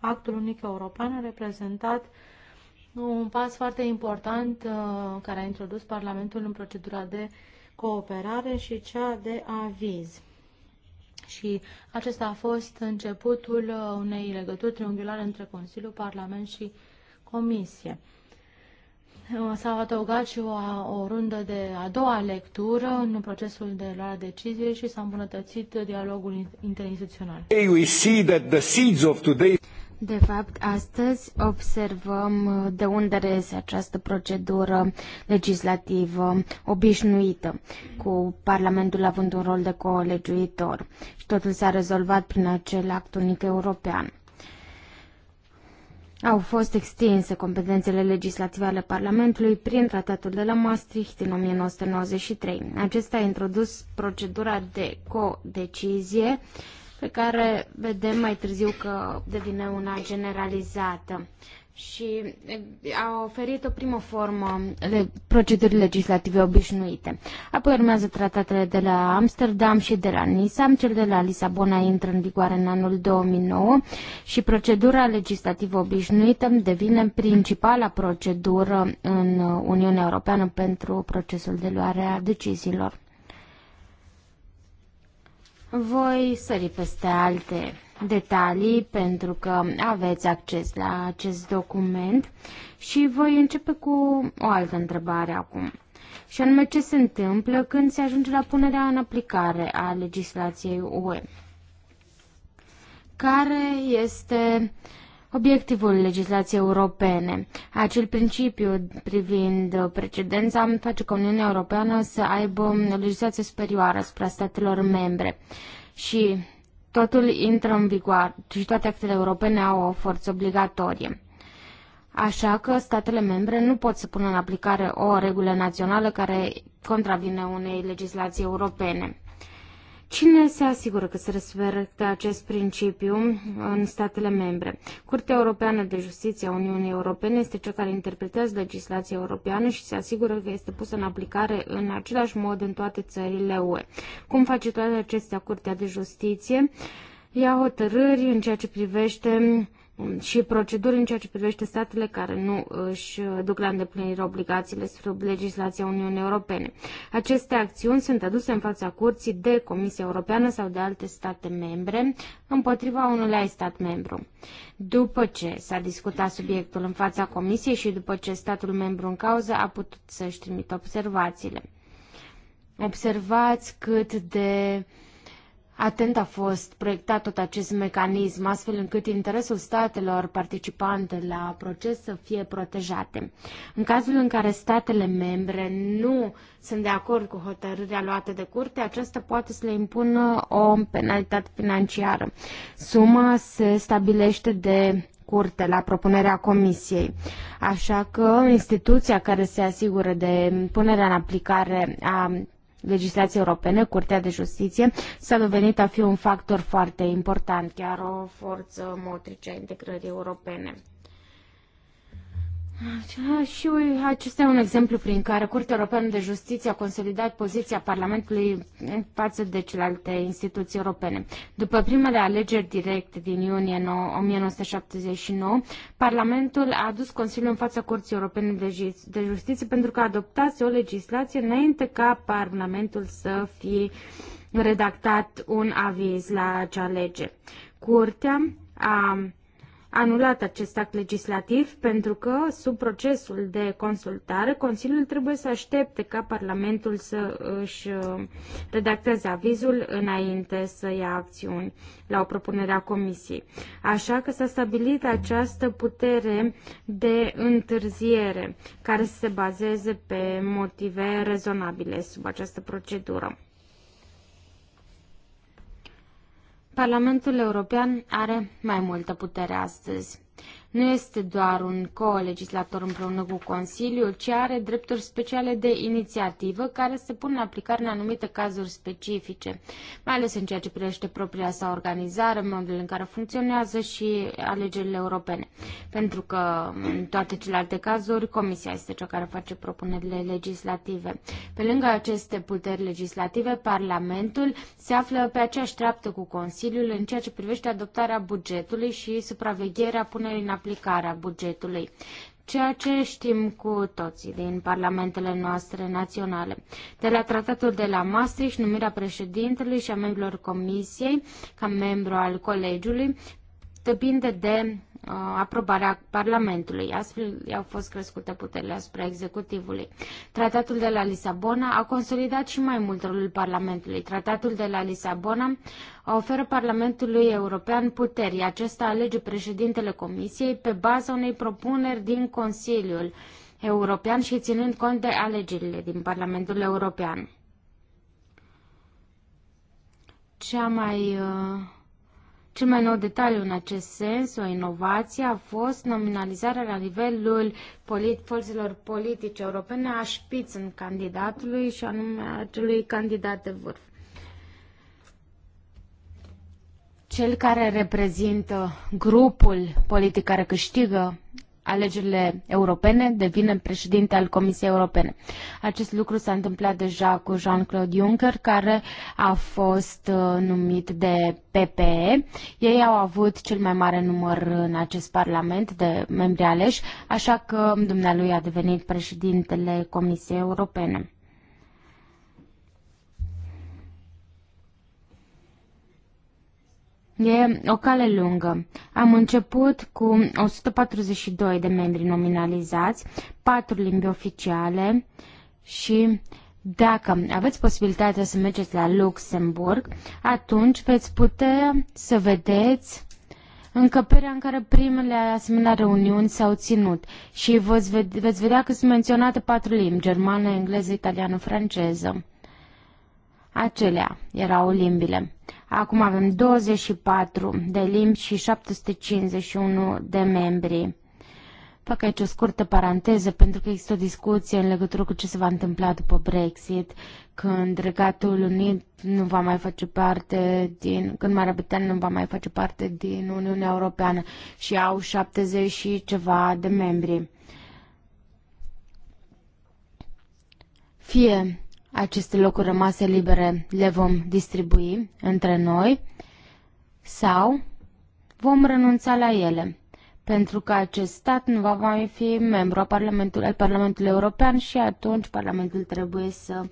actul unic european a reprezentat un pas foarte important uh, care a introdus Parlamentul în procedura de cooperare și cea de aviz. Și acesta a fost începutul uh, unei legături triunghiulare între Consiliu, Parlament și Comisie. Uh, s a adăugat și o, o rundă de a doua lectură în procesul de luare de decizie și s-a îmbunătățit dialogul interinstituțional. Hey, de fapt, astăzi observăm uh, de unde reiese această procedură legislativă obișnuită, cu Parlamentul având un rol de colegiuitor și totul s-a rezolvat prin acel act unic european. Au fost extinse competențele legislative ale Parlamentului prin tratatul de la Maastricht din 1993. Acesta a introdus procedura de codecizie pe care vedem mai târziu că devine una generalizată și a oferit o primă formă de proceduri legislative obișnuite. Apoi urmează tratatele de la Amsterdam și de la Nisa, cel de la Lisabona intră în vigoare în anul 2009 și procedura legislativă obișnuită devine principala procedură în Uniunea Europeană pentru procesul de luare a deciziilor. Voi sări peste alte detalii pentru că aveți acces la acest document și voi începe cu o altă întrebare acum. Și anume ce se întâmplă când se ajunge la punerea în aplicare a legislației UE. Care este uh, obiectivul legislației europene. Acel principiu privind precedența face ca Uniunea Europeană să aibă o legislație superioară asupra statelor membre și totul intră în vigoare și toate actele europene au o forță obligatorie. Așa că statele membre nu pot să pună în aplicare o regulă națională care contravine unei legislații europene. Cine se asigură că se respectă acest principiu în statele membre? Curtea Europeană de Justiție a Uniunii Europene este cea care interpretează legislația europeană și se asigură că este pusă în aplicare în același mod în toate țările UE. Cum face toate acestea Curtea de Justiție? Ia hotărâri în ceea ce privește și proceduri în ceea ce privește statele care nu își duc la îndeplinire obligațiile sub legislația Uniunii Europene. Aceste acțiuni sunt aduse în fața curții de Comisia Europeană sau de alte state membre împotriva unui alt stat membru. După ce s-a discutat subiectul în fața Comisiei și după ce statul membru în cauză a putut să-și trimită observațiile. Observați cât de uh, Atent a fost proiectat tot acest mecanism, astfel încât interesul statelor participante la proces să fie protejate. În cazul în care statele membre nu sunt de acord cu hotărârea luată de curte, aceasta poate să le impună o penalitate financiară. Suma se stabilește de curte la propunerea comisiei. Așa că instituția care se asigură de punerea în aplicare a legislație europene, Curtea de Justiție, s-a dovedit a fi un factor foarte important, chiar o forță motrice a integrării europene. Și acesta e un exemplu prin care Curtea Europeană de Justiție a consolidat poziția Parlamentului în față de celelalte instituții europene. După primele alegeri directe din iunie 1979, Parlamentul a adus Consiliul în fața Curții Europene de Justiție pentru că adoptase o legislație înainte ca Parlamentul să fie redactat un aviz la acea lege. Curtea a anulat acest act legislativ pentru că, sub procesul de consultare, Consiliul trebuie să aștepte ca Parlamentul să își uh, redacteze avizul înainte să ia acțiuni la o propunere a Comisiei. Așa că s-a stabilit această putere de întârziere care se bazeze pe motive rezonabile sub această procedură. Parlamentul European are mai multă putere astăzi nu este doar un co-legislator împreună cu Consiliul, ci are drepturi speciale de inițiativă care se pun în aplicare în anumite cazuri specifice, mai ales în ceea ce privește propria sa organizare, modul în care funcționează și alegerile europene. Pentru că în toate celelalte cazuri, Comisia este cea care face propunerile legislative. Pe lângă aceste puteri legislative, Parlamentul se află pe aceeași treaptă cu Consiliul în ceea ce privește adoptarea bugetului și supravegherea punerii în aplicare aplicarea bugetului ceea ce știm cu toții din parlamentele noastre naționale. De la tratatul de la Maastricht, numirea președintelui și a membrilor comisiei ca membru al colegiului depinde de Uh, aprobarea Parlamentului. Astfel au fost crescute puterile asupra executivului. Tratatul de la Lisabona a consolidat și mai mult rolul Parlamentului. Tratatul de la Lisabona oferă Parlamentului European puteri. Acesta alege președintele Comisiei pe baza unei propuneri din Consiliul European și ținând cont de alegerile din Parlamentul European. Cea mai uh, cel mai nou detaliu în acest sens, o inovație, a fost nominalizarea la nivelul polit- forțelor politice europene a în candidatului și anume acelui candidat de vârf. Cel care reprezintă grupul politic care câștigă alegerile europene, devine președinte al Comisiei Europene. Acest lucru s-a întâmplat deja cu Jean-Claude Juncker, care a fost uh, numit de PPE. Ei au avut cel mai mare număr în acest parlament de membri aleși, așa că dumnealui a devenit președintele Comisiei Europene. E o cale lungă. Am început cu 142 de membri nominalizați, 4 limbi oficiale și dacă aveți posibilitatea să mergeți la Luxemburg, atunci veți putea să vedeți încăperea în care primele asemenea reuniuni s-au ținut și veți vedea că sunt menționate patru limbi, germană, engleză, italiană, franceză. Acelea erau limbile. Acum avem 24 de limbi și 751 de membri. Fac aici o scurtă paranteză pentru că există o discuție în legătură cu ce se va întâmpla după Brexit, când Regatul Unit nu va mai face parte din, când Marea Britanie nu va mai face parte din Uniunea Europeană și au 70 și ceva de membri. Fie aceste locuri rămase libere le vom distribui între noi sau vom renunța la ele, pentru că acest stat nu va mai fi membru al Parlamentului, al Parlamentului European și atunci Parlamentul trebuie să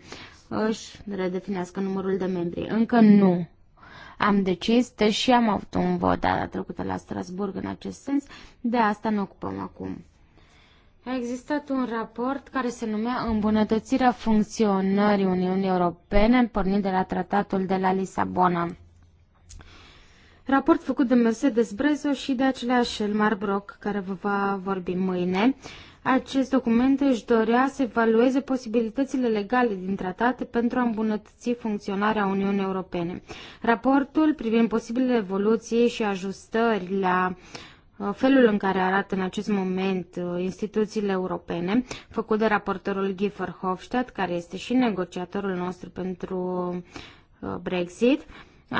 își redefinească numărul de membri. Încă nu am decis, deși am avut un vot data trecută la Strasburg în acest sens, de asta ne ocupăm acum. A existat un raport care se numea Îmbunătățirea funcționării Uniunii Europene, pornind de la tratatul de la Lisabona. Raport făcut de Mercedes Brezo și de același Elmar Brock, care vă va vorbi mâine. Acest document își dorea să evalueze posibilitățile legale din tratate pentru a îmbunătăți funcționarea Uniunii Europene. Raportul privind posibile evoluții și ajustări la uh, Uh, felul în care arată în acest moment uh, instituțiile europene, făcut de raportorul Giffer Hofstadt, care este și negociatorul nostru pentru uh, Brexit,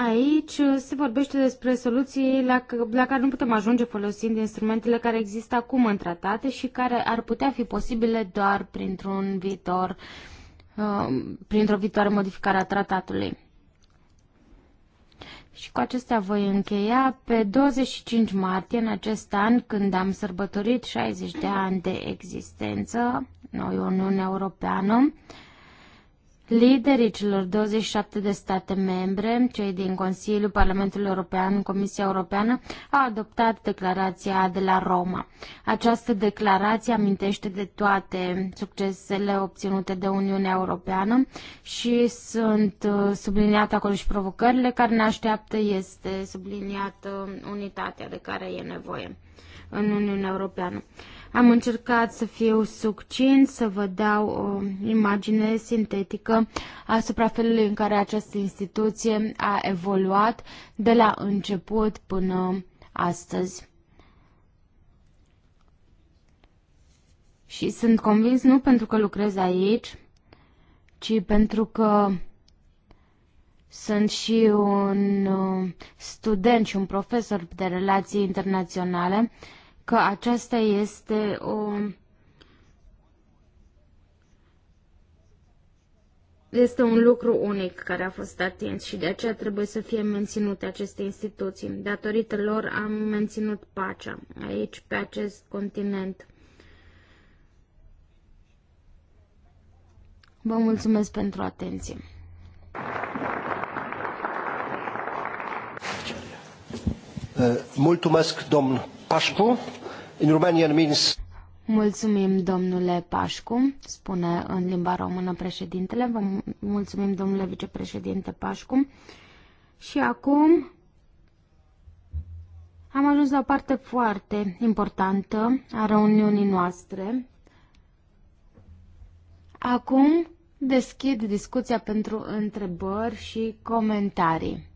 Aici se vorbește despre soluții la, la care nu putem ajunge folosind instrumentele care există acum în tratate și care ar putea fi posibile doar printr-un viitor, printr-o viitoare modificare a tratatului. Și cu acestea voi încheia. Pe 25 martie în acest an, când am sărbătorit 60 de ani de existență, noi, Uniunea Europeană, Liderii celor 27 de state membre, cei din Consiliul Parlamentului European, Comisia Europeană, au adoptat declarația de la Roma. Această declarație amintește de toate succesele obținute de Uniunea Europeană și sunt uh, subliniate acolo și provocările care ne așteaptă, este subliniată unitatea de care e nevoie în Uniunea Europeană. Am încercat să fiu succint, să vă dau o imagine sintetică asupra felului în care această instituție a evoluat de la început până astăzi. Și sunt convins nu pentru că lucrez aici, ci pentru că sunt și un uh, student și un profesor de relații internaționale că aceasta este o este un lucru unic care a fost atins și de aceea trebuie să fie menținute aceste instituții. Datorită lor am menținut pacea aici, pe acest continent. Vă mulțumesc pentru atenție. Uh, mulțumesc, domnul. Pașcu. In Romanian means... Mulțumim, domnule Pașcu, spune în limba română președintele. Vă mulțumim, domnule vicepreședinte Pașcu. Și acum am ajuns la o parte foarte importantă a reuniunii noastre. Acum deschid discuția pentru întrebări și comentarii.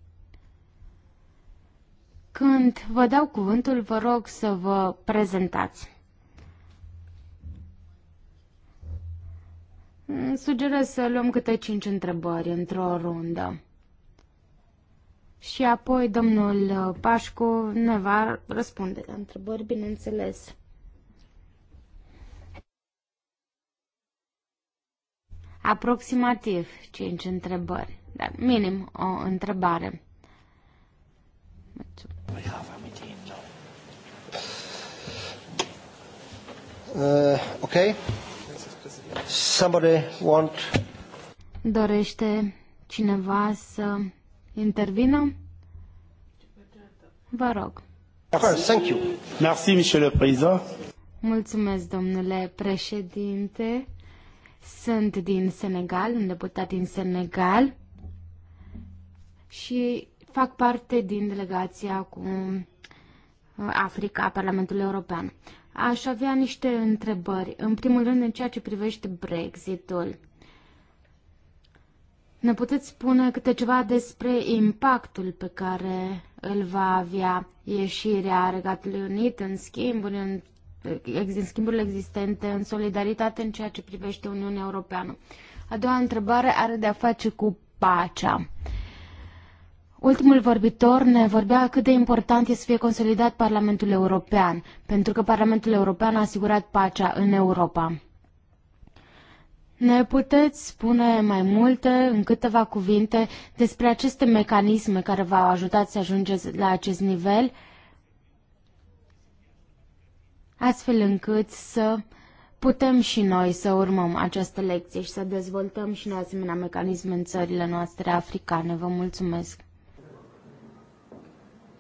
Când vă dau cuvântul, vă rog să vă prezentați. Sugerez să luăm câte cinci întrebări într-o rundă. Și apoi domnul Pașcu ne va răspunde la întrebări, bineînțeles. Aproximativ cinci întrebări, dar minim o întrebare. Mulțumesc. Deci, Uh, ok. Somebody want... Dorește cineva să intervină? Vă rog. Thank you. Merci, Monsieur le Président. Mulțumesc, domnule președinte. Sunt din Senegal, un deputat din Senegal și fac parte din delegația cu uh, Africa a Parlamentului European. Aș avea niște întrebări. În primul rând, în ceea ce privește Brexitul. Ne puteți spune câte ceva despre impactul pe care îl va avea ieșirea Regatului Unit în schimburi, în, în schimburile existente, în solidaritate în ceea ce privește Uniunea Europeană? A doua întrebare are de-a face cu pacea. Uh, Ultimul vorbitor ne vorbea cât de important este să fie consolidat Parlamentul European, pentru că Parlamentul European a asigurat pacea în Europa. Ne puteți spune mai multe, în câteva cuvinte, despre aceste mecanisme care v-au ajutat să ajungeți la acest nivel, astfel încât să putem și noi să urmăm această lecție și să dezvoltăm și noi asemenea mecanisme în țările noastre africane. Vă mulțumesc!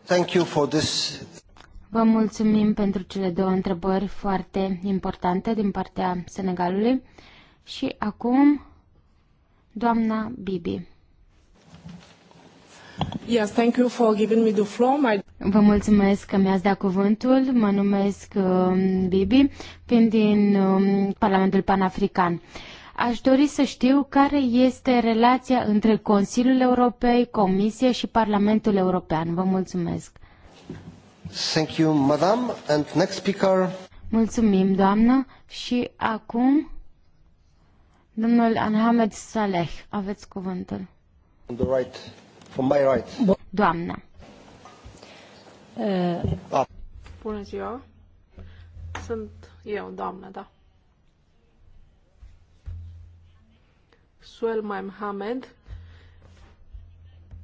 Thank you for this. Vă mulțumim pentru cele două întrebări foarte importante din partea Senegalului. Și acum, doamna Bibi. Yes, thank you for giving me the floor. My... Vă mulțumesc că mi-ați dat cuvântul. Mă numesc uh, Bibi, fiind din uh, Parlamentul Panafrican. Uh, Aș dori să știu care este relația între Consiliul Europei, Comisie și Parlamentul European. Vă mulțumesc. Thank you, madam. And next speaker. Mulțumim, doamnă. Și acum, domnul Anhamed Saleh, aveți cuvântul. On the right, on my right. Doamnă. Uh. Bună ziua. Sunt eu, doamnă, da. Suelmaim Hamed,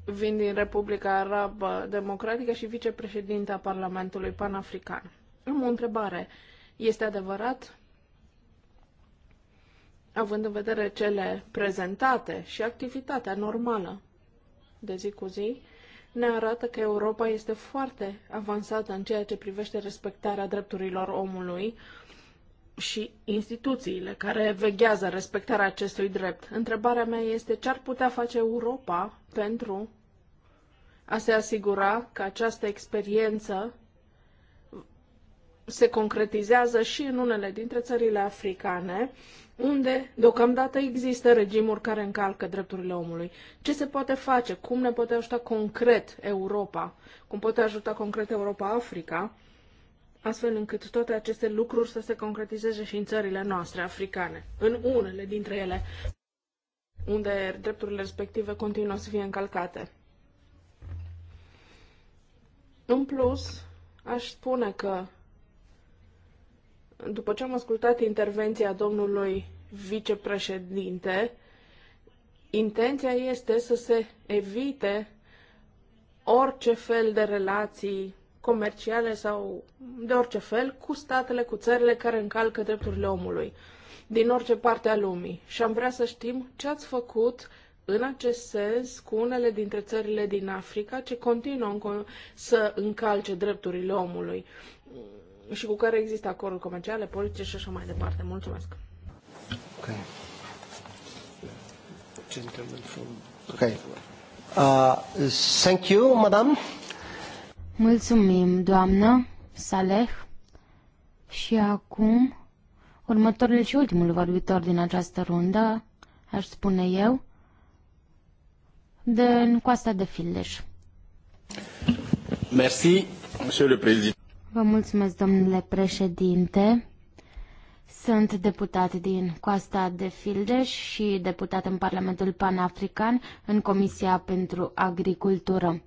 vin din Republica Arabă Democratică și vicepreședinta Parlamentului Panafrican. Am o întrebare. Este adevărat, având în vedere cele prezentate și activitatea normală de zi cu zi, ne arată că Europa este foarte avansată în ceea ce privește respectarea drepturilor omului, și instituțiile care veghează respectarea acestui drept. Întrebarea mea este ce ar putea face Europa pentru a se asigura că această experiență se concretizează și în unele dintre țările africane, unde deocamdată există regimuri care încalcă drepturile omului. Ce se poate face? Cum ne poate ajuta concret Europa? Cum poate ajuta concret Europa Africa astfel încât toate aceste lucruri să se concretizeze și în țările noastre africane, în unele dintre ele, unde drepturile respective continuă să fie încălcate. În plus, aș spune că după ce am ascultat intervenția domnului vicepreședinte, intenția este să se evite orice fel de relații comerciale sau de orice fel cu statele, cu țările care încalcă drepturile omului din orice parte a lumii. Și am vrea să știm ce ați făcut în acest sens cu unele dintre țările din Africa ce continuă să încalce drepturile omului și cu care există acorduri comerciale, politice și așa mai departe. Mulțumesc. Okay. Okay. Uh, thank you, madam. Mulțumim, doamnă Saleh. Și acum, următorul și ultimul vorbitor din această rundă, aș spune eu, din coasta de Fildeș. Merci, monsieur le président. Vă mulțumesc, domnule președinte. Sunt deputat din Coasta de Fildeș și deputat în Parlamentul Panafrican în Comisia pentru Agricultură.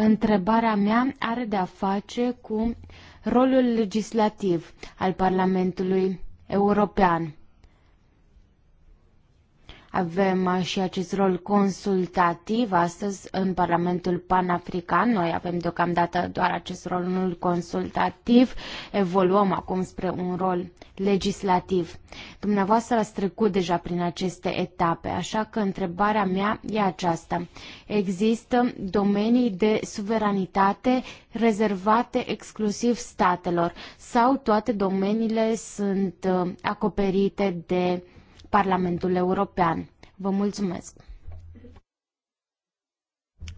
Întrebarea mea are de-a face cu rolul legislativ al Parlamentului European. Avem uh, și acest rol consultativ astăzi în Parlamentul Panafrican. Noi avem deocamdată doar acest rol unul consultativ. Evoluăm acum spre un rol legislativ. Dumneavoastră ați trecut deja prin aceste etape, așa că întrebarea mea e aceasta. Există domenii de suveranitate rezervate exclusiv statelor sau toate domeniile sunt uh, acoperite de Parlamentul European. Vă mulțumesc!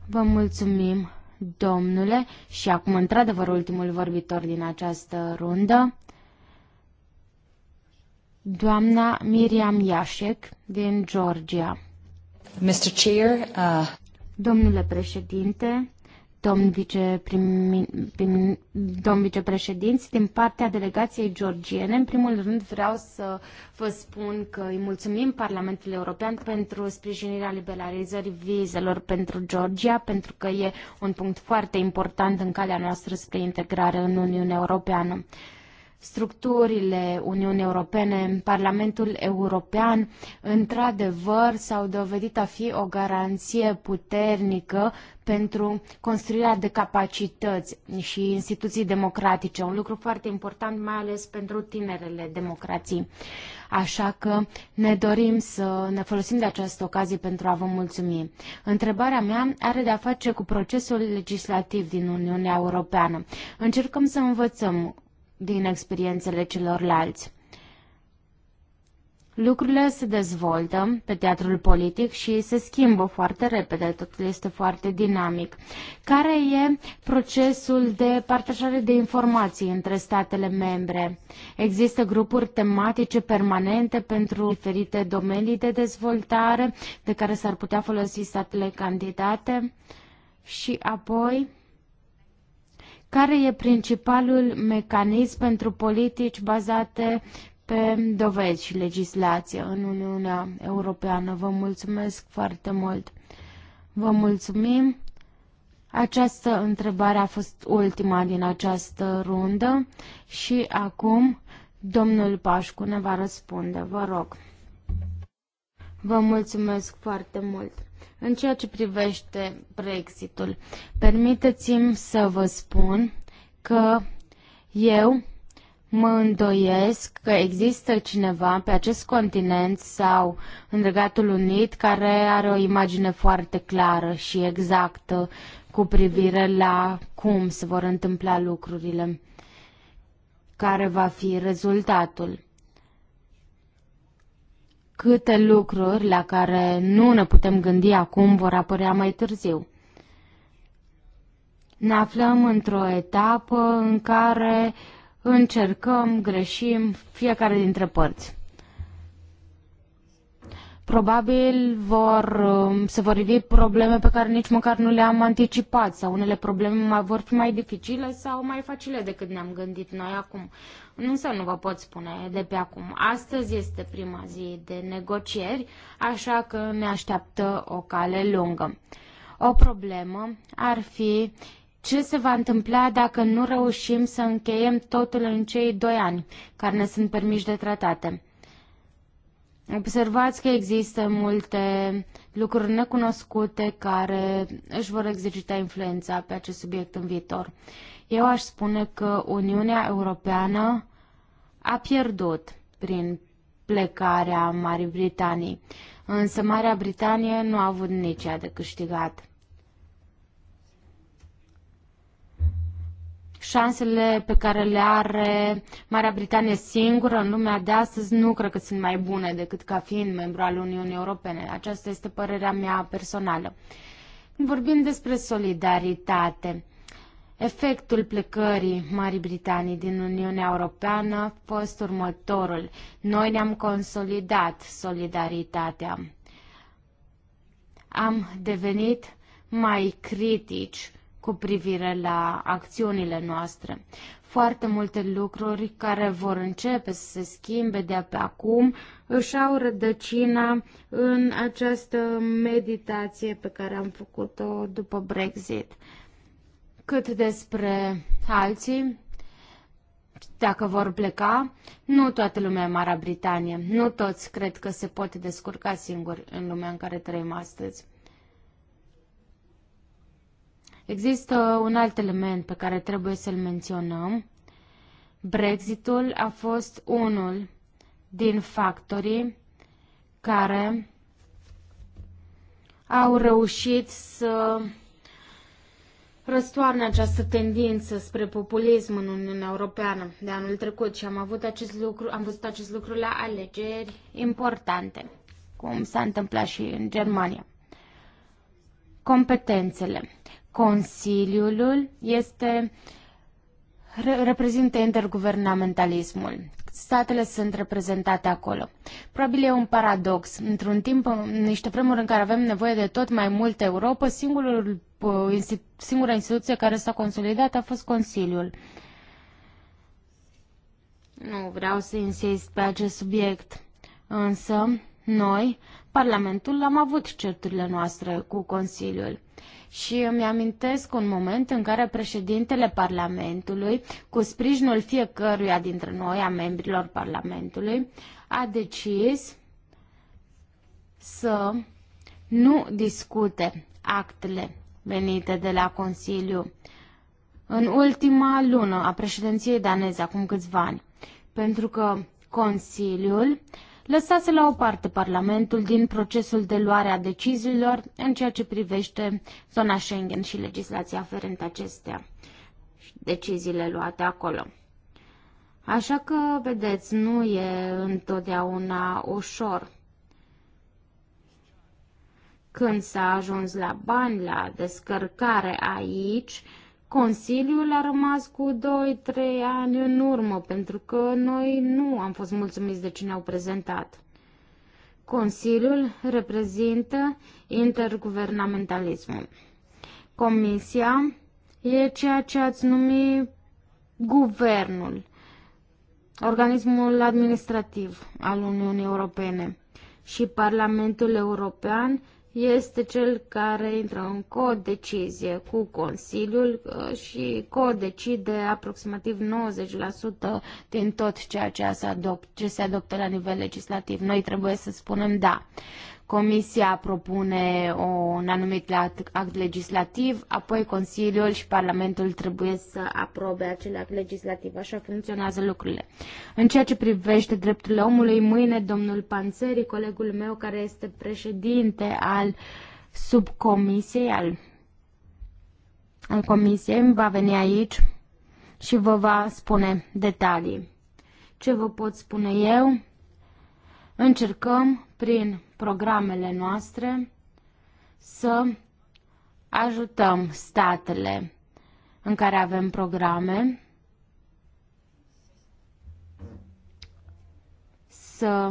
Vă mulțumim, domnule, și acum, într-adevăr, ultimul vorbitor din această rundă, doamna Miriam Iașec, din Georgia. Mr. Chair, uh... Domnule președinte, domn, viceprim, domn vicepreședinți, din partea delegației georgiene. În primul rând vreau să vă spun că îi mulțumim Parlamentului European pentru sprijinirea liberalizării vizelor pentru Georgia, pentru că e un punct foarte important în calea noastră spre integrare în Uniunea Europeană structurile Uniunii Europene, Parlamentul European, într-adevăr s-au dovedit a fi o garanție puternică pentru construirea de capacități și instituții democratice, un lucru foarte important, mai ales pentru tinerele democrații. Așa că ne dorim să ne folosim de această ocazie pentru a vă mulțumi. Întrebarea mea are de a face cu procesul legislativ din Uniunea Europeană. Încercăm să învățăm din experiențele celorlalți. Lucrurile se dezvoltă pe teatrul politic și se schimbă foarte repede, totul este foarte dinamic. Care e procesul de partajare de informații între statele membre? Există grupuri tematice permanente pentru diferite domenii de dezvoltare de care s-ar putea folosi statele candidate? Și apoi care e principalul mecanism pentru politici bazate pe dovezi și legislație în Uniunea Europeană? Vă mulțumesc foarte mult! Vă mulțumim! Această întrebare a fost ultima din această rundă și acum domnul Pașcu ne va răspunde. Vă rog! Vă mulțumesc foarte mult! În ceea ce privește Brexitul, permiteți-mi să vă spun că eu mă îndoiesc că există cineva pe acest continent sau în Regatul Unit care are o imagine foarte clară și exactă cu privire la cum se vor întâmpla lucrurile, care va fi rezultatul câte lucruri la care nu ne putem gândi acum vor apărea mai târziu. Ne aflăm într-o etapă în care încercăm, greșim fiecare dintre părți. Probabil vor, um, se vor ridica probleme pe care nici măcar nu le-am anticipat sau unele probleme mai, vor fi mai dificile sau mai facile decât ne-am gândit noi acum. Însă nu vă pot spune de pe acum. Astăzi este prima zi de negocieri, așa că ne așteaptă o cale lungă. O problemă ar fi ce se va întâmpla dacă nu reușim să încheiem totul în cei doi ani care ne sunt permiși de tratate. Observați că există multe lucruri necunoscute care își vor exercita influența pe acest subiect în viitor. Eu aș spune că Uniunea Europeană a pierdut prin plecarea Marii Britanii, însă Marea Britanie nu a avut nici ea de câștigat. șansele pe care le are Marea Britanie singură în lumea de astăzi nu cred că sunt mai bune decât ca fiind membru al Uniunii Europene. Aceasta este părerea mea personală. Vorbim despre solidaritate. Efectul plecării Marii Britanii din Uniunea Europeană a fost următorul. Noi ne-am consolidat solidaritatea. Am devenit mai critici cu privire la acțiunile noastre. Foarte multe lucruri care vor începe să se schimbe de pe acum își au rădăcina în această meditație pe care am făcut-o după Brexit. Cât despre alții, dacă vor pleca, nu toată lumea e Marea Britanie, nu toți cred că se pot descurca singuri în lumea în care trăim astăzi. Există un alt element pe care trebuie să-l menționăm. Brexitul a fost unul din factorii care au reușit să răstoarne această tendință spre populism în Uniunea Europeană de anul trecut și am avut acest lucru, am văzut acest lucru la alegeri importante, cum s-a întâmplat și în Germania. Competențele. Consiliul este reprezintă interguvernamentalismul. Statele sunt reprezentate acolo. Probabil e un paradox. Într-un timp, în niște vremuri în care avem nevoie de tot mai multă Europa, singurul, uh, singura instituție care s-a consolidat a fost Consiliul. Nu vreau să insist pe acest subiect, însă noi, Parlamentul, am avut certurile noastre cu Consiliul și îmi amintesc un moment în care președintele Parlamentului, cu sprijinul fiecăruia dintre noi, a membrilor Parlamentului, a decis să nu discute actele venite de la Consiliu în ultima lună a președinției daneze, acum câțiva ani, pentru că Consiliul uh, lăsase la o parte Parlamentul din procesul de luare a deciziilor în ceea ce privește zona Schengen și legislația aferentă acestea și deciziile luate acolo. Așa că, vedeți, nu e întotdeauna ușor când s-a ajuns la bani, la descărcare aici, Consiliul a rămas cu 2-3 ani în urmă, pentru că noi nu am fost mulțumiți de ce ne-au prezentat. Consiliul reprezintă interguvernamentalismul. Comisia e ceea ce ați numi guvernul, organismul administrativ al Uniunii Europene. Și Parlamentul European este cel care intră în codecizie cu Consiliul uh, și codecide aproximativ 90% din tot ceea ce se, adoptă la nivel legislativ. Noi trebuie să spunem da. Comisia propune o, un anumit act legislativ, apoi Consiliul și Parlamentul trebuie să aprobe acel act legislativ. Așa funcționează lucrurile. În ceea ce privește drepturile omului, mâine domnul Panzeri, colegul meu care este președinte al subcomisiei, al, al comisiei, va veni aici și vă va spune detalii. Ce vă pot spune eu? Încercăm prin programele noastre să ajutăm statele în care avem programe să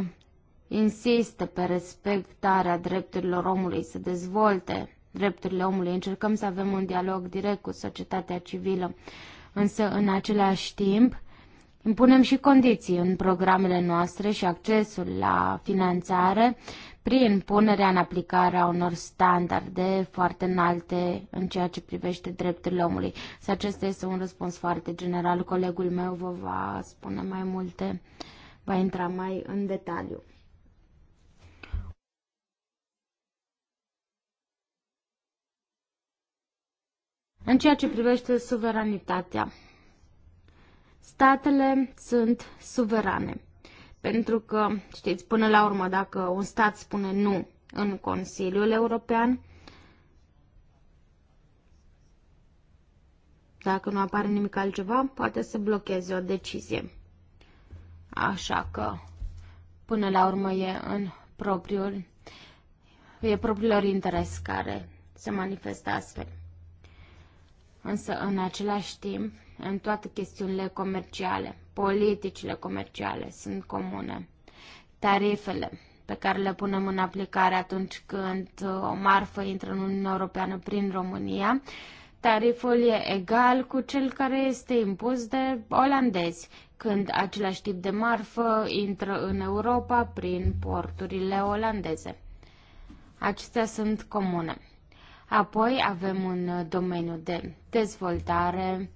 insiste pe respectarea drepturilor omului, să dezvolte drepturile omului. Încercăm să avem un dialog direct cu societatea civilă, însă în același timp Impunem și condiții în programele noastre și accesul la finanțare prin punerea în aplicare a unor standarde foarte înalte în ceea ce privește drepturile omului. Să acesta este un răspuns foarte general. Colegul meu vă va spune mai multe, va intra mai în detaliu. În ceea ce privește suveranitatea. Statele sunt suverane. Pentru că, știți, până la urmă, dacă un stat spune nu în Consiliul European, dacă nu apare nimic altceva, poate să blocheze o decizie. Așa că, până la urmă, e în propriul, e propriul interes care se manifestă astfel. Însă, în același timp, în toate chestiunile comerciale. Politicile comerciale sunt comune. Tarifele pe care le punem în aplicare atunci când o marfă intră în Uniunea Europeană prin România, tariful e egal cu cel care este impus de olandezi când același tip de marfă intră în Europa prin porturile olandeze. Acestea sunt comune. Apoi avem un domeniu de dezvoltare,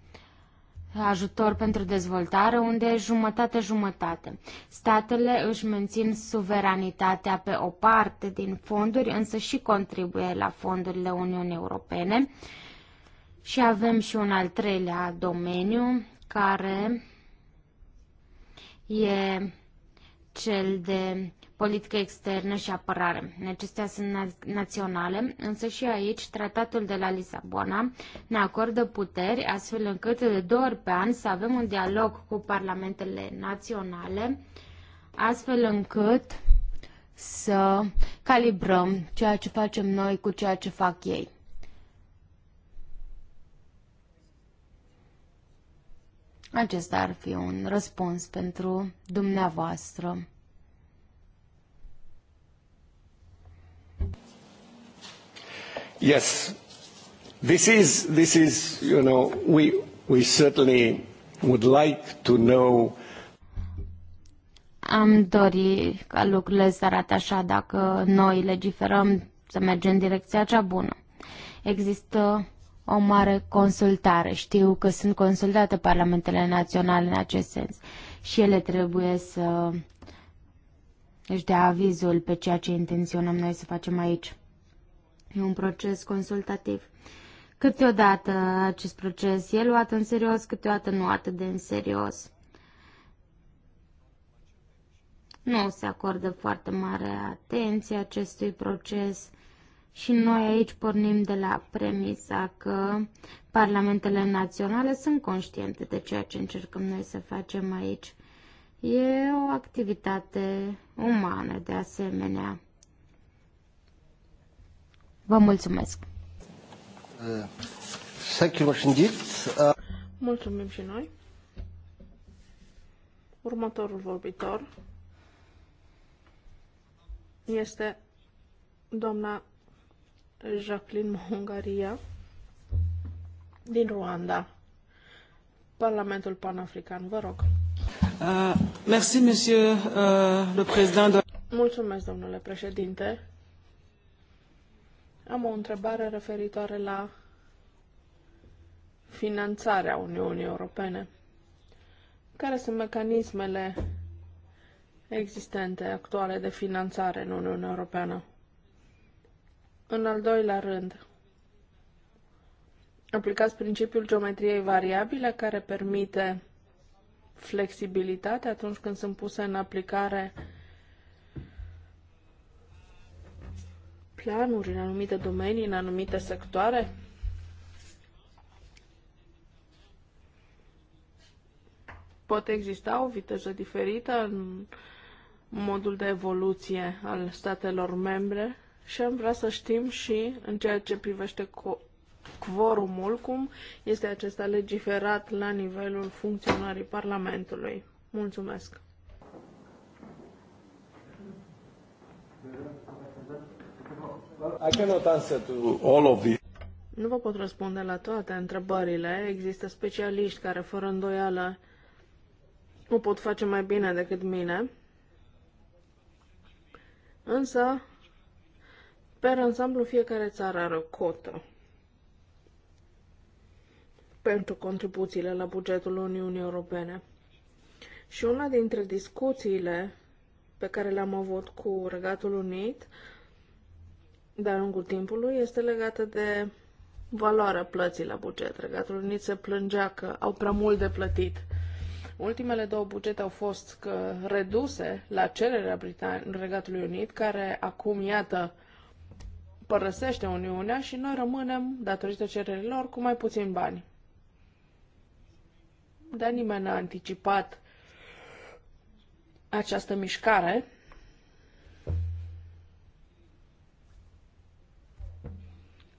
ajutor pentru dezvoltare, unde e jumătate-jumătate. Statele își mențin suveranitatea pe o parte din fonduri, însă și contribuie la fondurile Uniunii Europene. Și avem și un al treilea domeniu, care e cel de politică externă și apărare. Acestea sunt naționale, însă și aici tratatul de la Lisabona ne acordă puteri astfel încât de două ori pe an să avem un dialog cu parlamentele naționale, astfel încât să calibrăm ceea ce facem noi cu ceea ce fac ei. Acesta ar fi un răspuns pentru dumneavoastră. Yes, this is, this is you know, we, we certainly would like to know am dori ca lucrurile să arate așa dacă noi legiferăm să mergem în direcția cea bună. Există o mare consultare. Știu că sunt consultate parlamentele naționale în acest sens și ele trebuie să își dea avizul pe ceea ce intenționăm noi să facem aici. E un proces consultativ. Câteodată acest proces e luat în serios, câteodată nu atât de în serios. Nu se acordă foarte mare atenție acestui proces și noi aici pornim de la premisa că parlamentele naționale sunt conștiente de ceea ce încercăm noi să facem aici. E o activitate umană de asemenea. Vă mulțumesc! Mulțumim și noi. Următorul vorbitor este doamna Jacqueline Hungaria din Ruanda, Parlamentul Panafrican. Vă rog. Uh, merci, monsieur, uh, le président. Mulțumesc, domnule președinte. Am o întrebare referitoare la finanțarea Uniunii Europene. Care sunt mecanismele existente actuale de finanțare în Uniunea Europeană? În al doilea rând, aplicați principiul geometriei variabile care permite flexibilitate atunci când sunt puse în aplicare planuri în anumite domenii, în anumite sectoare? Poate exista o viteză diferită în modul de evoluție al statelor membre și am vrea să știm și în ceea ce privește quorumul, cum este acesta legiferat la nivelul funcționării Parlamentului. Mulțumesc! I cannot answer to all of Nu vă pot răspunde la toate întrebările. Există specialiști care, fără îndoială, o pot face mai bine decât mine. Însă, per ansamblu, fiecare țară are o cotă pentru contribuțiile la bugetul Uniunii Europene. Și una dintre discuțiile pe care le-am avut cu Regatul Unit de-a lungul timpului este legată de valoarea plății la buget. Regatul Unit se plângea că au prea mult de plătit. Ultimele două bugete au fost că, reduse la cererea Britan- Regatului Unit, care acum, iată, părăsește Uniunea și noi rămânem, datorită cererilor, cu mai puțin bani. Dar nimeni n-a anticipat această mișcare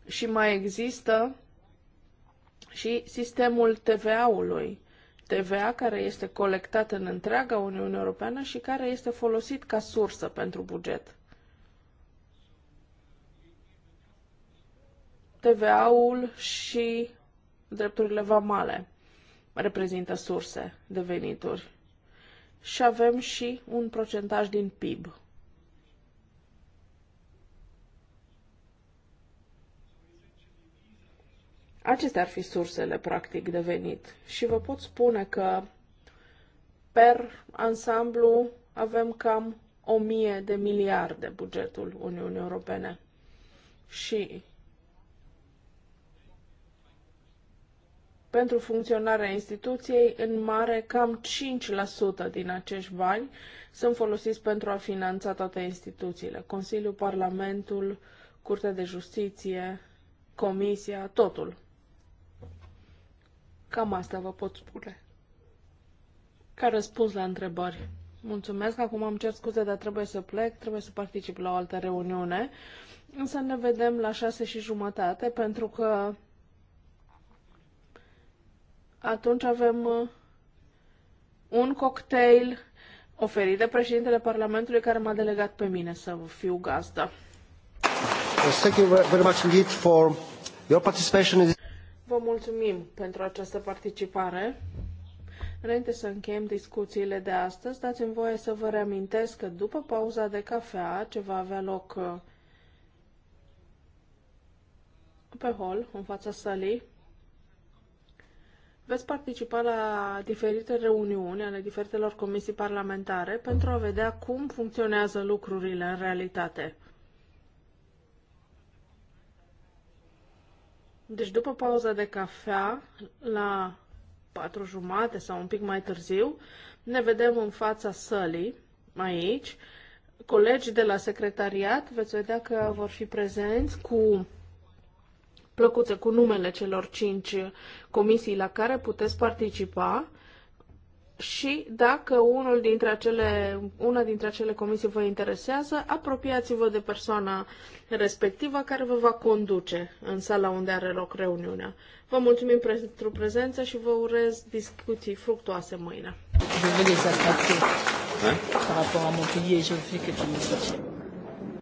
Și mai există și sistemul TVA-ului. TVA care este colectat în întreaga Uniune Europeană și care este folosit ca sursă pentru buget. TVA-ul și drepturile vamale reprezintă surse de venituri. Și avem și un procentaj din PIB. Acestea ar fi sursele, practic, de venit. Și vă pot spune că per ansamblu avem cam 1000 de miliarde bugetul Uniunii Europene. Și pentru funcționarea instituției, în mare, cam 5% din acești bani sunt folosiți pentru a finanța toate instituțiile. Consiliul, Parlamentul, Curtea de Justiție, Comisia, totul. Cam asta vă pot spune. Ca răspuns la întrebări. Mulțumesc, acum am cer scuze, dar trebuie să plec, trebuie să particip la o altă reuniune. Însă ne vedem la șase și jumătate, pentru că atunci avem uh, un cocktail oferit de președintele Parlamentului care m-a delegat pe mine să fiu gazdă. Thank you very much indeed for your participation in Vă mulțumim pentru această participare. Înainte să încheiem discuțiile de astăzi, dați-mi voie să vă reamintesc că după pauza de cafea, ce va avea loc uh, pe hol, în fața sălii, veți participa la diferite reuniuni ale diferitelor comisii parlamentare pentru a vedea cum funcționează lucrurile în realitate. Deci după pauza de cafea, la patru jumate sau un pic mai târziu, ne vedem în fața sălii, aici. Colegii de la secretariat, veți vedea că vor fi prezenți cu plăcuțe cu numele celor cinci comisii la care puteți participa și dacă unul dintre acele, una dintre acele comisii vă interesează, apropiați-vă de persoana respectivă care vă va conduce în sala unde are loc reuniunea. Vă mulțumim pentru prezență și vă urez discuții fructuoase mâine. Vă vais les par rapport à je que tu me